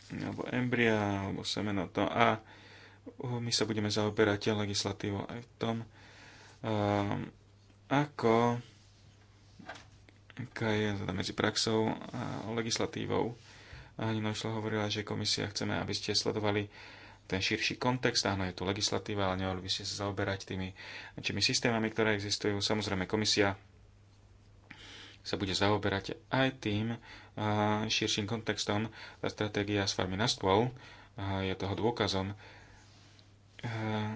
alebo embria, alebo semeno. To. a my sa budeme zaoberať legislatívou aj v tom, ako k, teda medzi praxou a legislatívou. Ani Noišla hovorila, že komisia chceme, aby ste sledovali ten širší kontext, áno, je tu legislatíva, ale nemali by ste sa zaoberať tými čimi systémami, ktoré existujú. Samozrejme, komisia sa bude zaoberať aj tým širším kontextom. Tá stratégia s farmy na stôl je toho dôkazom. Eh,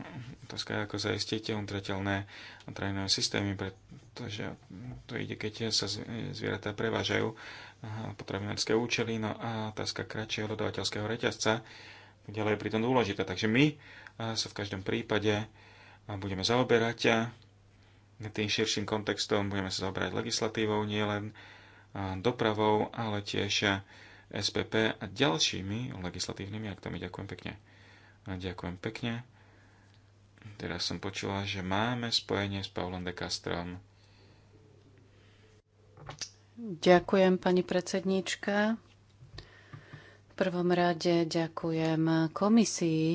otázka, ako zaistíte udržateľné trajné systémy, pretože to ide, keď sa zvieratá prevážajú eh, potravinárske účely, no a otázka kratšieho dodavateľského reťazca ďalej je pritom dôležitá. Takže my eh, sa v každom prípade budeme zaoberať tým širším kontextom, budeme sa zaoberať legislatívou, nielen dopravou, ale tiež SPP a ďalšími legislatívnymi aktami. Ďakujem pekne. Ďakujem pekne. Teraz som počula, že máme spojenie s Pavlom de Castrom. Ďakujem, pani predsedníčka. V prvom rade ďakujem komisii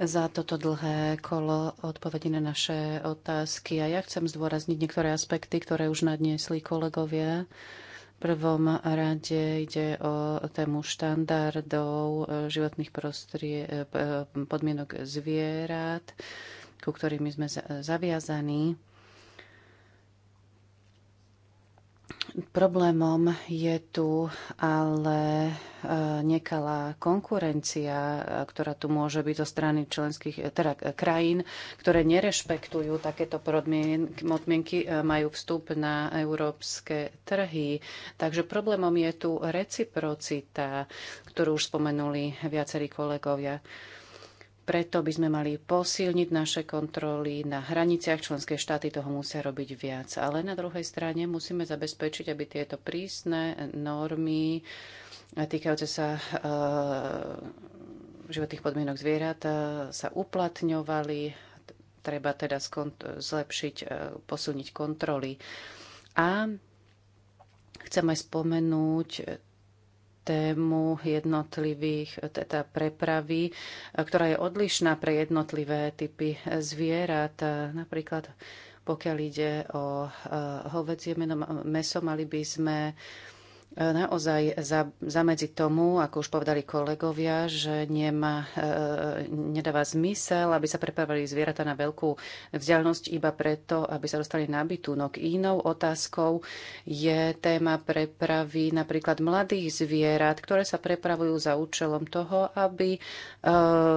za toto dlhé kolo odpovedí na naše otázky. A ja chcem zdôrazniť niektoré aspekty, ktoré už nadniesli kolegovia prvom rade ide o tému štandardov e, životných e, e, podmienok zvierat, ku ktorými sme zaviazaní. Problémom je tu ale e, nekalá konkurencia, e, ktorá tu môže byť zo strany členských e, teda krajín, ktoré nerešpektujú takéto podmienky, majú vstup na európske trhy. Takže problémom je tu reciprocita, ktorú už spomenuli viacerí kolegovia. Preto by sme mali posilniť naše kontroly na hraniciach. Členské štáty toho musia robiť viac. Ale na druhej strane musíme zabezpečiť, aby tieto prísne normy týkajúce sa eh, životných podmienok zvierat eh, sa uplatňovali. Treba teda zlepšiť, eh, posilniť kontroly. A chcem aj spomenúť systému jednotlivých, teda prepravy, ktorá je odlišná pre jednotlivé typy zvierat. Napríklad pokiaľ ide o eh, hovedzie meso, mali by sme naozaj za, zamedziť tomu, ako už povedali kolegovia, že nemá, e, nedáva zmysel, aby sa prepravili zvieratá na veľkú vzdialenosť iba preto, aby sa dostali na bytúnok. Inou otázkou je téma prepravy napríklad mladých zvierat, ktoré sa prepravujú za účelom toho, aby e,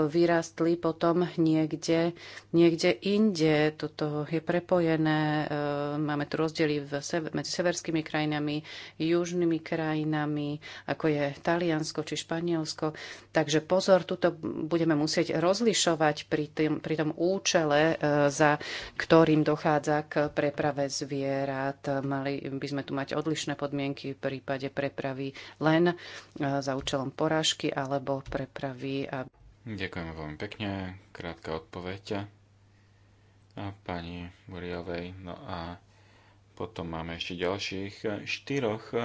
vyrastli potom niekde, niekde inde. Toto je prepojené. E, máme tu rozdiely v, medzi severskými krajinami, južnými krajinami krajinami, ako je Taliansko či Španielsko. Takže pozor, tuto budeme musieť rozlišovať pri, tým, pri tom účele, e, za ktorým dochádza k preprave zvierat. Mali by sme tu mať odlišné podmienky v prípade prepravy len e, za účelom porážky alebo prepravy. A... Ďakujem veľmi pekne. Krátka odpoveď a pani Buriovej. No a potom máme ešte ďalších štyroch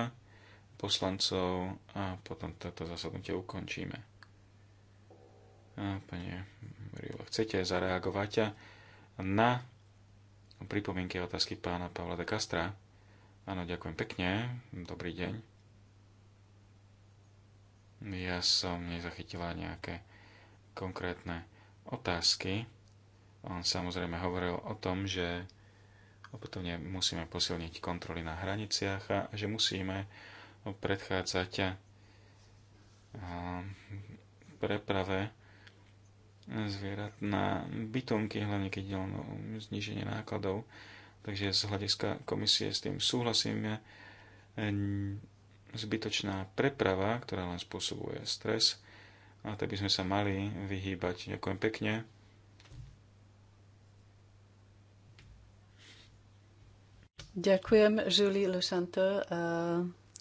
poslancov a potom toto zasadnutie ukončíme. A Rilo, chcete zareagovať na pripomienky a otázky pána Pavla de Castra? Áno, ďakujem pekne. Dobrý deň. Ja som nezachytila nejaké konkrétne otázky. On samozrejme hovoril o tom, že opätovne musíme posilniť kontroly na hraniciach a že musíme predchádzať preprave zvierat na bytomky, hlavne keď je o zniženie nákladov. Takže z hľadiska komisie s tým súhlasím. Zbytočná preprava, ktorá len spôsobuje stres, a tak by sme sa mali vyhýbať. Ďakujem pekne. Ďakujem, Julie Le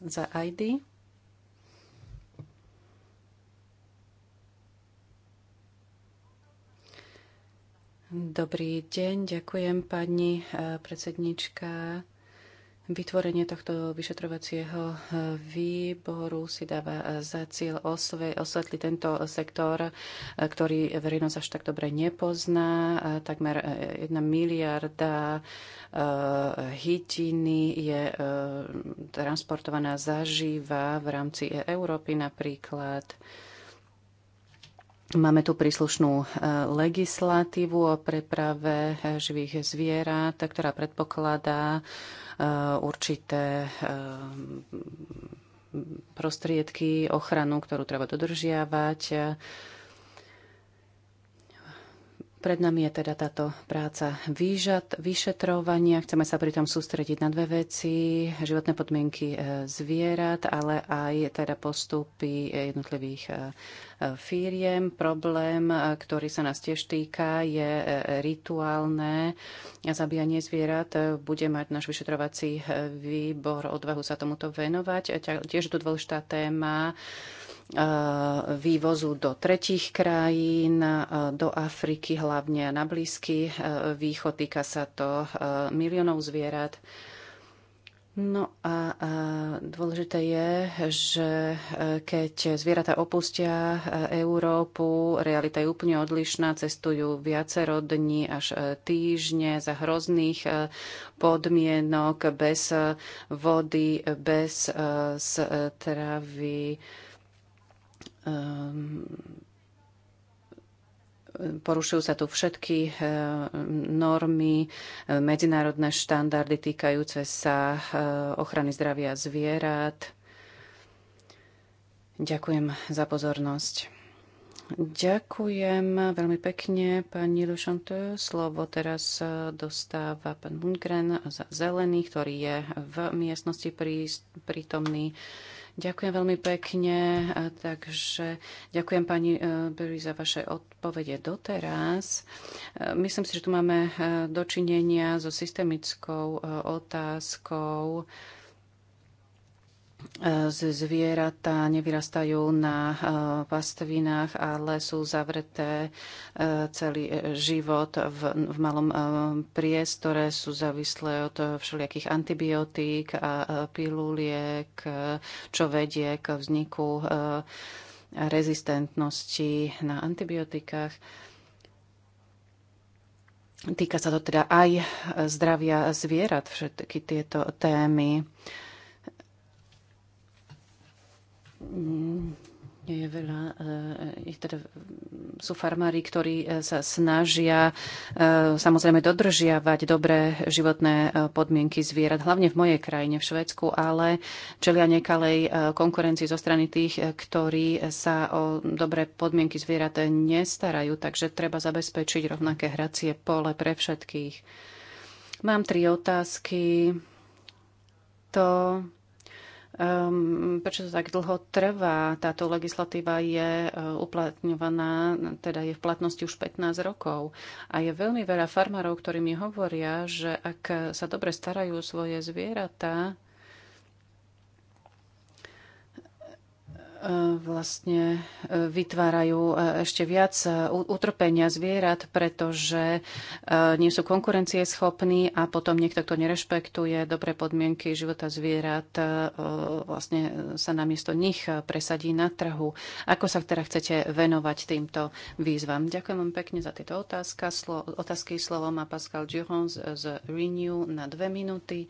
za ID. Dobrý deň, ďakujem pani eh, predsednička. Vytvorenie tohto vyšetrovacieho eh, výboru si dáva eh, za cieľ osvetliť tento eh, sektor, ktorý verejnosť až tak dobre nepozná. Takmer jedna miliarda hytiny je transportovaná zažíva v rámci Európy napríklad. Máme tu príslušnú legislatívu o preprave živých zvierat, ktorá predpokladá Eh, určité eh, prostriedky, ochranu, ktorú treba dodržiavať pred nami je teda táto práca výžad, vyšetrovania. Chceme sa pri tom sústrediť na dve veci. Životné podmienky e, zvierat, ale aj teda postupy e, jednotlivých e, firiem. Problém, ktorý sa nás tiež týka, je rituálne zabíjanie zvierat. Bude mať náš vyšetrovací výbor odvahu sa tomuto venovať. Tiež je tu dôležitá téma vývozu do tretích krajín, e, do Afriky hlavne na Blízky e, východ. Týka sa to e, miliónov zvierat. No a, a dôležité je, že keď zvieratá opustia Európu, realita je úplne odlišná, cestujú viacero dní až týždne za hrozných podmienok, bez vody, bez stravy Ehm, porušujú sa tu všetky ehm, normy, ehm, medzinárodné štandardy týkajúce sa ochrany zdravia zvierat. Ďakujem za pozornosť. Ďakujem veľmi pekne, pani Lušante. Slovo teraz dostáva pán Mungren za zelený, ktorý je v miestnosti prítomný. Ďakujem veľmi pekne. Takže ďakujem pani e, Berry za vaše odpovede doteraz. E, myslím si, že tu máme e, dočinenia so systemickou otázkou zvieratá nevyrastajú na e, pastvinách, ale sú zavreté e, celý e, život v, v malom priestore, sú závislé od všelijakých antibiotík a piluliek, čo vedie k vzniku rezistentnosti na antibiotikách. Týka sa to teda aj zdravia zvierat, všetky tieto témy nie je veľa. Eh, ich teda sú farmári, ktorí eh, sa snažia eh, samozrejme dodržiavať dobré životné podmienky zvierat, hlavne v mojej krajine, v Švedsku, ale čelia nekalej konkurencii zo strany tých, ktorí sa o dobré podmienky zvierat nestarajú, takže treba zabezpečiť rovnaké hracie pole pre všetkých. Mám tri otázky. To Um, prečo to tak dlho trvá? Táto legislatíva je uh, uplatňovaná, teda je v platnosti už 15 rokov. A je veľmi veľa farmárov, ktorí mi hovoria, že ak sa dobre starajú svoje zvieratá, E, vlastne e, vytvárajú e, ešte viac utrpenia zvierat, pretože nie sú konkurencieschopní a potom niekto, kto nerešpektuje dobré podmienky života zvierat, vlastne sa namiesto nich presadí na trhu. Ako sa teda chcete venovať týmto výzvam? Ďakujem vám pekne za tieto otázka. Slo- otázky. Slovo má Pascal Durand z, z Renew na dve minúty.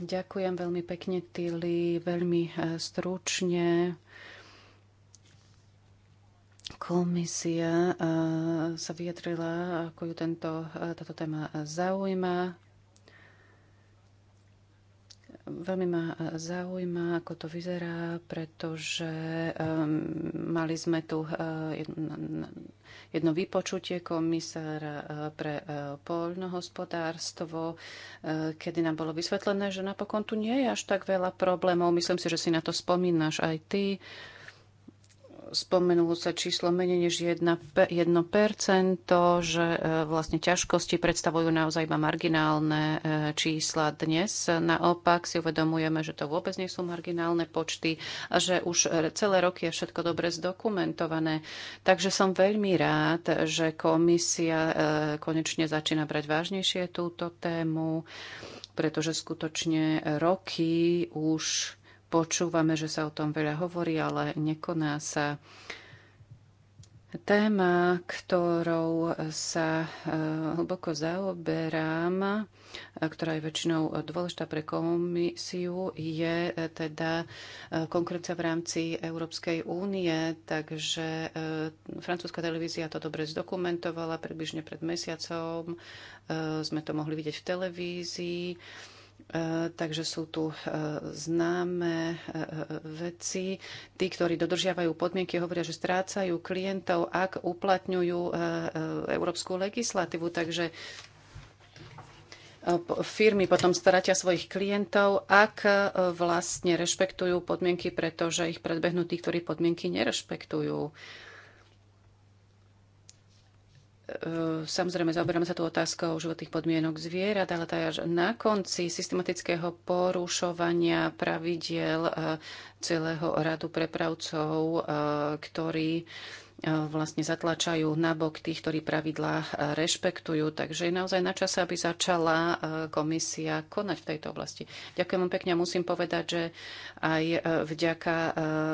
Ďakujem veľmi pekne, Tilly, veľmi stručne. Komisia eh, sa vyjadrila, ako ju tento, eh, táto téma zaujíma. Veľmi ma eh, zaujíma, ako to vyzerá, pretože um, mali sme tu uh, jedno, jedno vypočutie komisára pre uh, poľnohospodárstvo, uh, kedy nám bolo vysvetlené, že napokon tu nie je až tak veľa problémov. Myslím si, že si na to spomínaš aj ty. Uh, spomenulo sa číslo menej než 1%, že e, vlastne ťažkosti predstavujú naozaj iba marginálne e, čísla dnes. Naopak si uvedomujeme, že to vôbec nie sú marginálne počty a že už e, celé roky je všetko dobre zdokumentované. Takže som veľmi rád, že komisia konečne začína brať vážnejšie túto tému, pretože skutočne roky už Počúvame, že sa o tom veľa hovorí, ale nekoná sa. Téma, ktorou sa e, hlboko zaoberám, e, ktorá je väčšinou dôležitá pre komisiu, je e, teda konkurencia v rámci Európskej únie. Takže francúzska televízia to dobre zdokumentovala približne pred mesiacom. Sme to mohli vidieť v televízii E, takže sú tu e, známe e, veci. Tí, ktorí dodržiavajú podmienky, hovoria, že strácajú klientov, ak uplatňujú európsku legislatívu. Takže firmy potom stratia svojich klientov, ak vlastne rešpektujú podmienky, pretože ich predbehnú tí, ktorí podmienky nerešpektujú. E, samozrejme, zaoberáme sa tu otázkou životných podmienok zvierat, ale až na konci systematického porušovania pravidiel e, celého radu prepravcov, e, ktorí E, vlastne zatlačajú nabok tých, ktorí pravidlá e, rešpektujú. Takže je naozaj na čase, aby začala e, komisia konať v tejto oblasti. Ďakujem vám pekne a musím povedať, že aj vďaka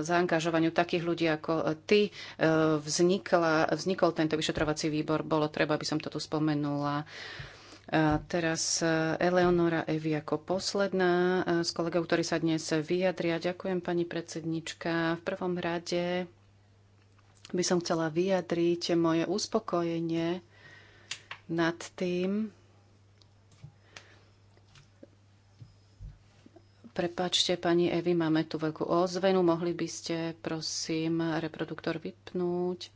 zaangažovaniu takých ľudí ako ty vznikla, vznikol tento vyšetrovací výbor. Bolo treba, aby som to tu spomenula. A teraz Eleonora Evi ako posledná z kolegov, ktorí sa dnes vyjadria. Ďakujem, pani predsednička. V prvom rade by som chcela vyjadriť moje uspokojenie nad tým, Prepačte, pani Evi, máme tu veľkú ozvenu. Mohli by ste, prosím, reproduktor vypnúť?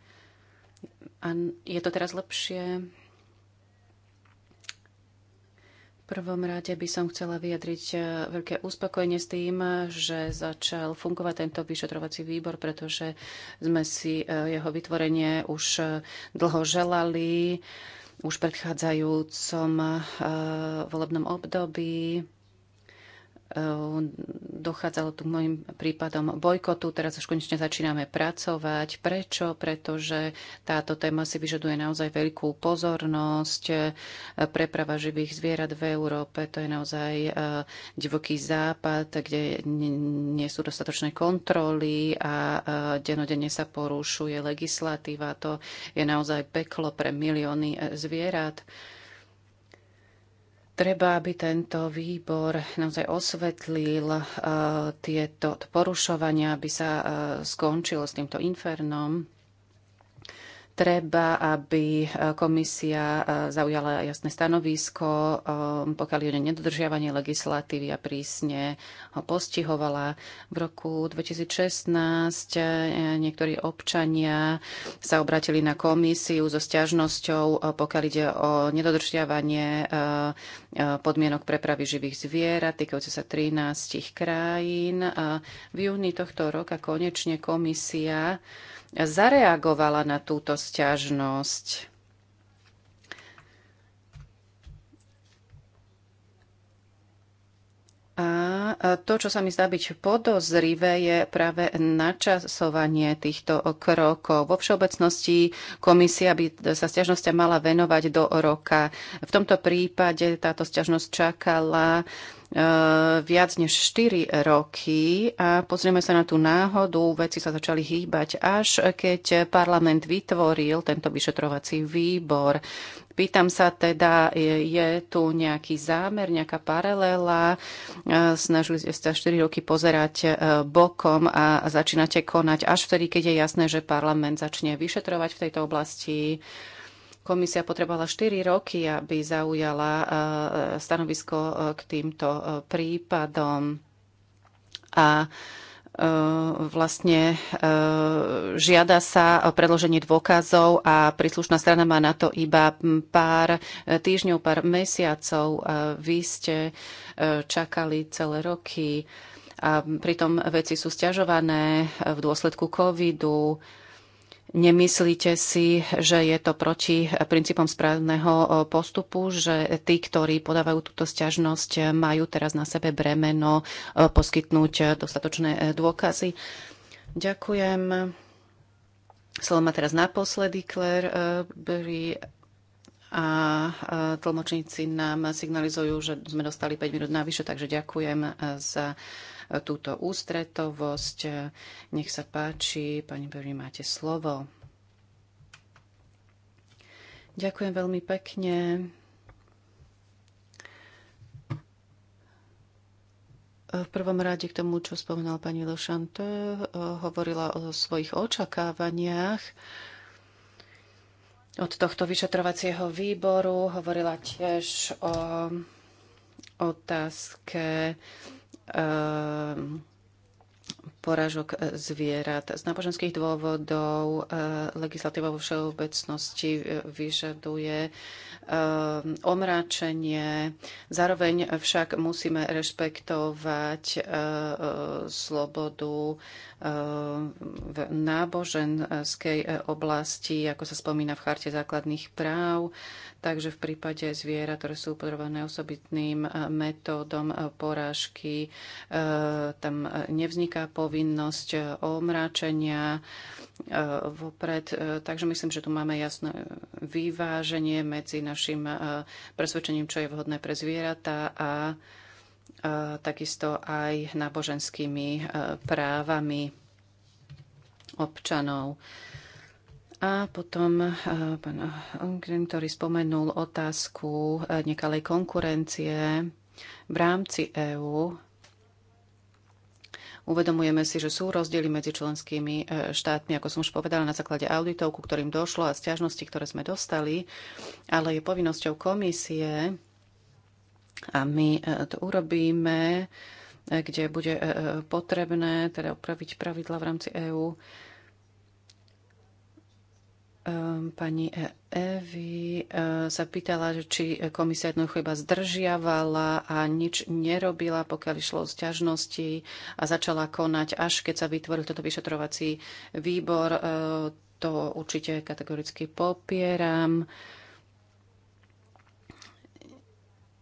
A je to teraz lepšie? prvom rade by som chcela vyjadriť e, veľké uspokojenie s tým, že začal fungovať tento vyšetrovací výbor, pretože sme si e, jeho vytvorenie už e, dlho želali, už predchádzajúcom volebnom období. Eh, dochádzalo tu môjim prípadom bojkotu, teraz už konečne začíname pracovať. Prečo? Pretože táto téma si vyžaduje naozaj veľkú pozornosť. Eh, preprava živých zvierat v Európe, to je naozaj eh, divoký západ, kde nie sú dostatočné kontroly a denodenne sa porušuje legislatíva. To je naozaj peklo pre milióny zvierat. Treba, aby tento výbor naozaj osvetlil uh, tieto porušovania, aby sa uh, skončilo s týmto infernom treba, aby e, komisia e, zaujala jasné stanovisko, e, pokiaľ je nedodržiavanie legislatívy a prísne ho postihovala. V roku 2016 niektorí občania sa obratili na komisiu so stiažnosťou, pokiaľ ide o nedodržiavanie podmienok prepravy živých zvierat, týkajúce sa 13 krajín. V júni tohto roka konečne komisia zareagovala na túto sťažnosť. A to, čo sa mi zdá byť podozrivé, je práve načasovanie týchto krokov. Vo všeobecnosti komisia by sa stiažnosťa mala venovať do roka. V tomto prípade táto stiažnosť čakala e, viac než 4 roky a pozrieme sa na tú náhodu. Veci sa začali hýbať až keď parlament vytvoril tento vyšetrovací výbor. Pýtam sa teda, je, je tu nejaký zámer, nejaká paralela? E, Snažili ste sa 4 roky pozerať e, bokom a začínate konať až vtedy, keď je jasné, že parlament začne vyšetrovať v tejto oblasti. Komisia potrebovala 4 roky, aby zaujala e, stanovisko k týmto prípadom. A E, vlastne e, žiada sa o predloženie dôkazov a príslušná strana má na to iba pár týždňov, pár mesiacov. Vy ste e, čakali celé roky a pritom veci sú stiažované v dôsledku covidu Nemyslíte si, že je to proti princípom správneho e, postupu, že tí, ktorí podávajú túto sťažnosť, e, majú teraz na sebe bremeno e, poskytnúť dostatočné dôkazy? Ďakujem. Slovo má teraz naposledy Claire Berry a tlmočníci nám signalizujú, že sme dostali 5 minút navyše, takže ďakujem za túto ústretovosť. Nech sa páči, pani Berry, máte slovo. Ďakujem veľmi pekne. V prvom rade k tomu, čo spomínal pani Lošante, hovorila o svojich očakávaniach od tohto vyšetrovacieho výboru. Hovorila tiež o otázke Ehm, poražok e, zvierat. Z náboženských dôvodov e, legislatíva vo všeobecnosti e, vyžaduje ehm, omráčenie. Zároveň však musíme rešpektovať slobodu ehm, v náboženskej oblasti, ako sa spomína v Charte základných práv. Takže v prípade zvierat, ktoré sú podrobené osobitným eh, metódom eh, porážky, eh, tam nevzniká povinnosť omráčenia vopred. Takže myslím, že tu máme jasné vyváženie medzi našim presvedčením, čo je vhodné pre zvieratá a takisto aj náboženskými právami občanov. A potom eh, pán Ongren, ktorý spomenul otázku eh, nekalej konkurencie v rámci EÚ. Uvedomujeme si, že sú rozdiely medzi členskými eh, štátmi, ako som už povedala, na základe auditov, ku ktorým došlo a stiažnosti, ktoré sme dostali, ale je povinnosťou komisie a my to urobíme, kde bude potrebné teda upraviť pravidla v rámci EÚ Ehm, pani e- Evi sa e, pýtala, či komisia jednoducho iba zdržiavala a nič nerobila, pokiaľ išlo o zťažnosti a začala konať, až keď sa vytvoril toto vyšetrovací výbor. Ehm, to určite kategoricky popieram.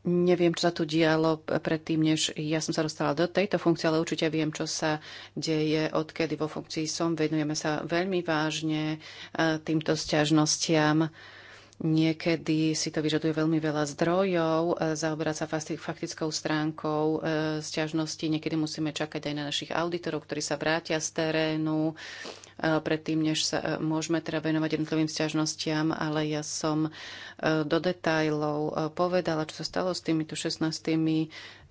Neviem, čo sa tu dialo predtým, než ja som sa dostala do tejto funkcie, ale určite viem, čo sa deje, odkedy vo funkcii som. Venujeme sa veľmi vážne eh, týmto sťažnostiam Niekedy si to vyžaduje veľmi veľa zdrojov, e, zaoberať sa faktickou stránkou e, sťažnosti. Niekedy musíme čakať aj na našich auditorov, ktorí sa vrátia z terénu e, predtým, než sa môžeme teda venovať jednotlivým sťažnostiam, ale ja som do detajlov povedala, čo sa stalo s týmito 16, 16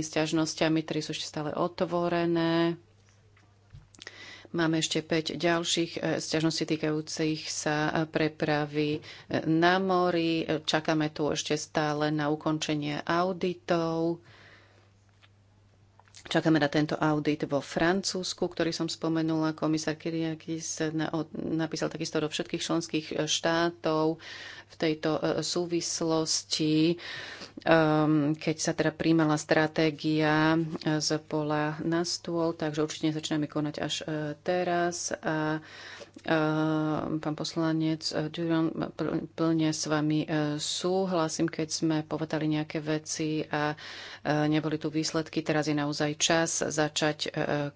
sťažnosťami, ktoré sú ešte stále otvorené Máme ešte 5 ďalších e, sťažností týkajúcich sa e, prepravy e, na mori. Čakáme tu ešte stále na ukončenie auditov. Čakáme na tento audit vo Francúzsku, ktorý som spomenula. Komisár Kyriakis napísal takisto do všetkých členských e, štátov v tejto e, súvislosti, ehm, keď sa teda príjmala stratégia e, z pola na stôl, takže určite začneme konať až teraz. A pán poslanec Duran plne s vami súhlasím, keď sme povedali nejaké veci a neboli tu výsledky. Teraz je naozaj čas začať e,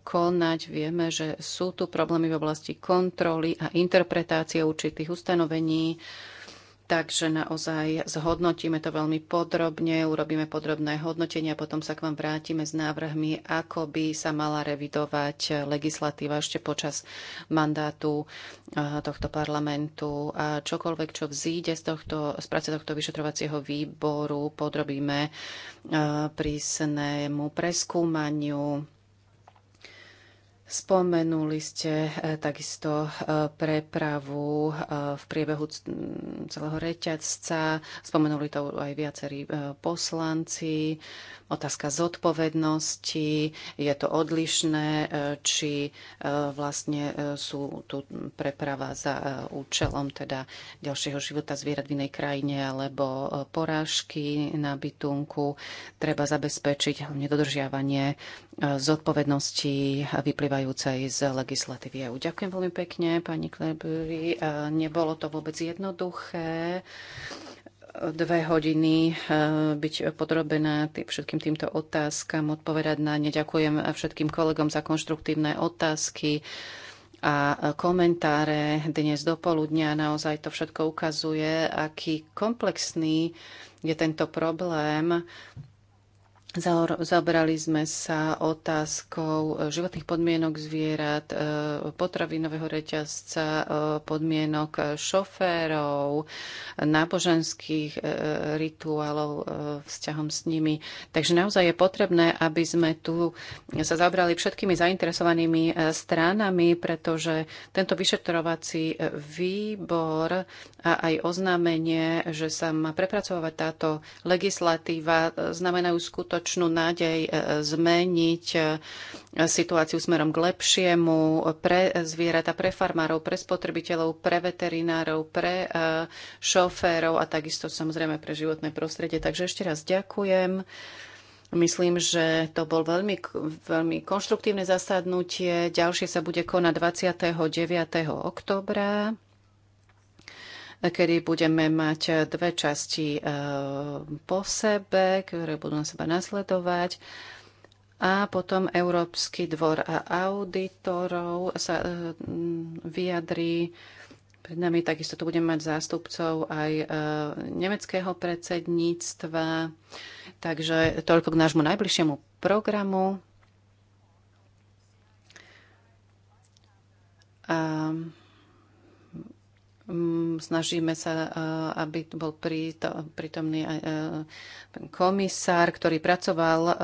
konať. Vieme, že sú tu problémy v oblasti kontroly a interpretácie určitých ustanovení Takže naozaj zhodnotíme to veľmi podrobne, urobíme podrobné hodnotenie a potom sa k vám vrátime s návrhmi, ako by sa mala revidovať legislatíva ešte počas mandátu eh, tohto parlamentu. A čokoľvek, čo vzíde z, tohto, z práce tohto vyšetrovacieho výboru, podrobíme eh, prísnemu preskúmaniu Spomenuli ste e, takisto e, prepravu e, v priebehu celého reťazca. Spomenuli to aj viacerí poslanci otázka zodpovednosti, je to odlišné, e, či e, vlastne e, sú tu preprava za účelom teda ďalšieho života zvierat v inej krajine alebo porážky na bytunku. Treba zabezpečiť hlavne dodržiavanie zodpovednosti vyplývajúcej z legislatívy EU. Ďakujem veľmi pekne, pani Klebury. Nebolo to vôbec jednoduché dve hodiny eh, byť podrobená tý, všetkým týmto otázkam, odpovedať na ne. Ďakujem všetkým kolegom za konštruktívne otázky a eh, komentáre dnes do poludnia. Naozaj to všetko ukazuje, aký komplexný je tento problém Zaoberali sme sa otázkou e, životných podmienok zvierat, e, potravinového reťazca, e, podmienok šoférov, náboženských rituálov vzťahom s nimi. Takže naozaj je potrebné, aby sme tu sa zabrali všetkými zainteresovanými stranami, pretože tento vyšetrovací výbor a aj oznámenie, že sa má prepracovať táto legislatíva, znamenajú skutočne skutočnú nádej e, e, zmeniť e, situáciu smerom k lepšiemu pre zvieratá, pre farmárov, pre spotrebiteľov, pre veterinárov, pre šoférov a takisto samozrejme pre životné prostredie. Takže ešte raz ďakujem. Myslím, že to bol veľmi, veľmi konštruktívne zasadnutie. Ďalšie sa bude konať 29. oktobra kedy budeme mať eh, dve časti eh, po sebe, ktoré budú na seba nasledovať. A potom Európsky dvor a auditorov sa eh, vyjadrí. Pred nami takisto tu budeme mať zástupcov aj nemeckého predsedníctva. Takže toľko k nášmu najbližšiemu programu. Um, Mm, snažíme sa, aby bol prítomný aj e, komisár, ktorý pracoval e,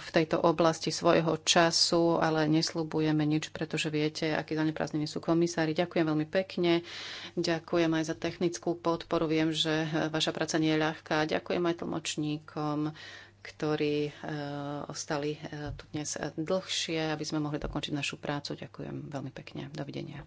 v tejto oblasti svojho času, ale neslubujeme nič, pretože viete, akí zaneprázdnení sú komisári. Ďakujem veľmi pekne. Ďakujem aj za technickú podporu. Viem, že e, vaša práca nie je ľahká. Ďakujem aj tlmočníkom ktorí ostali tu dnes dlhšie, aby sme mohli dokončiť našu prácu. Ďakujem veľmi pekne. Dovidenia.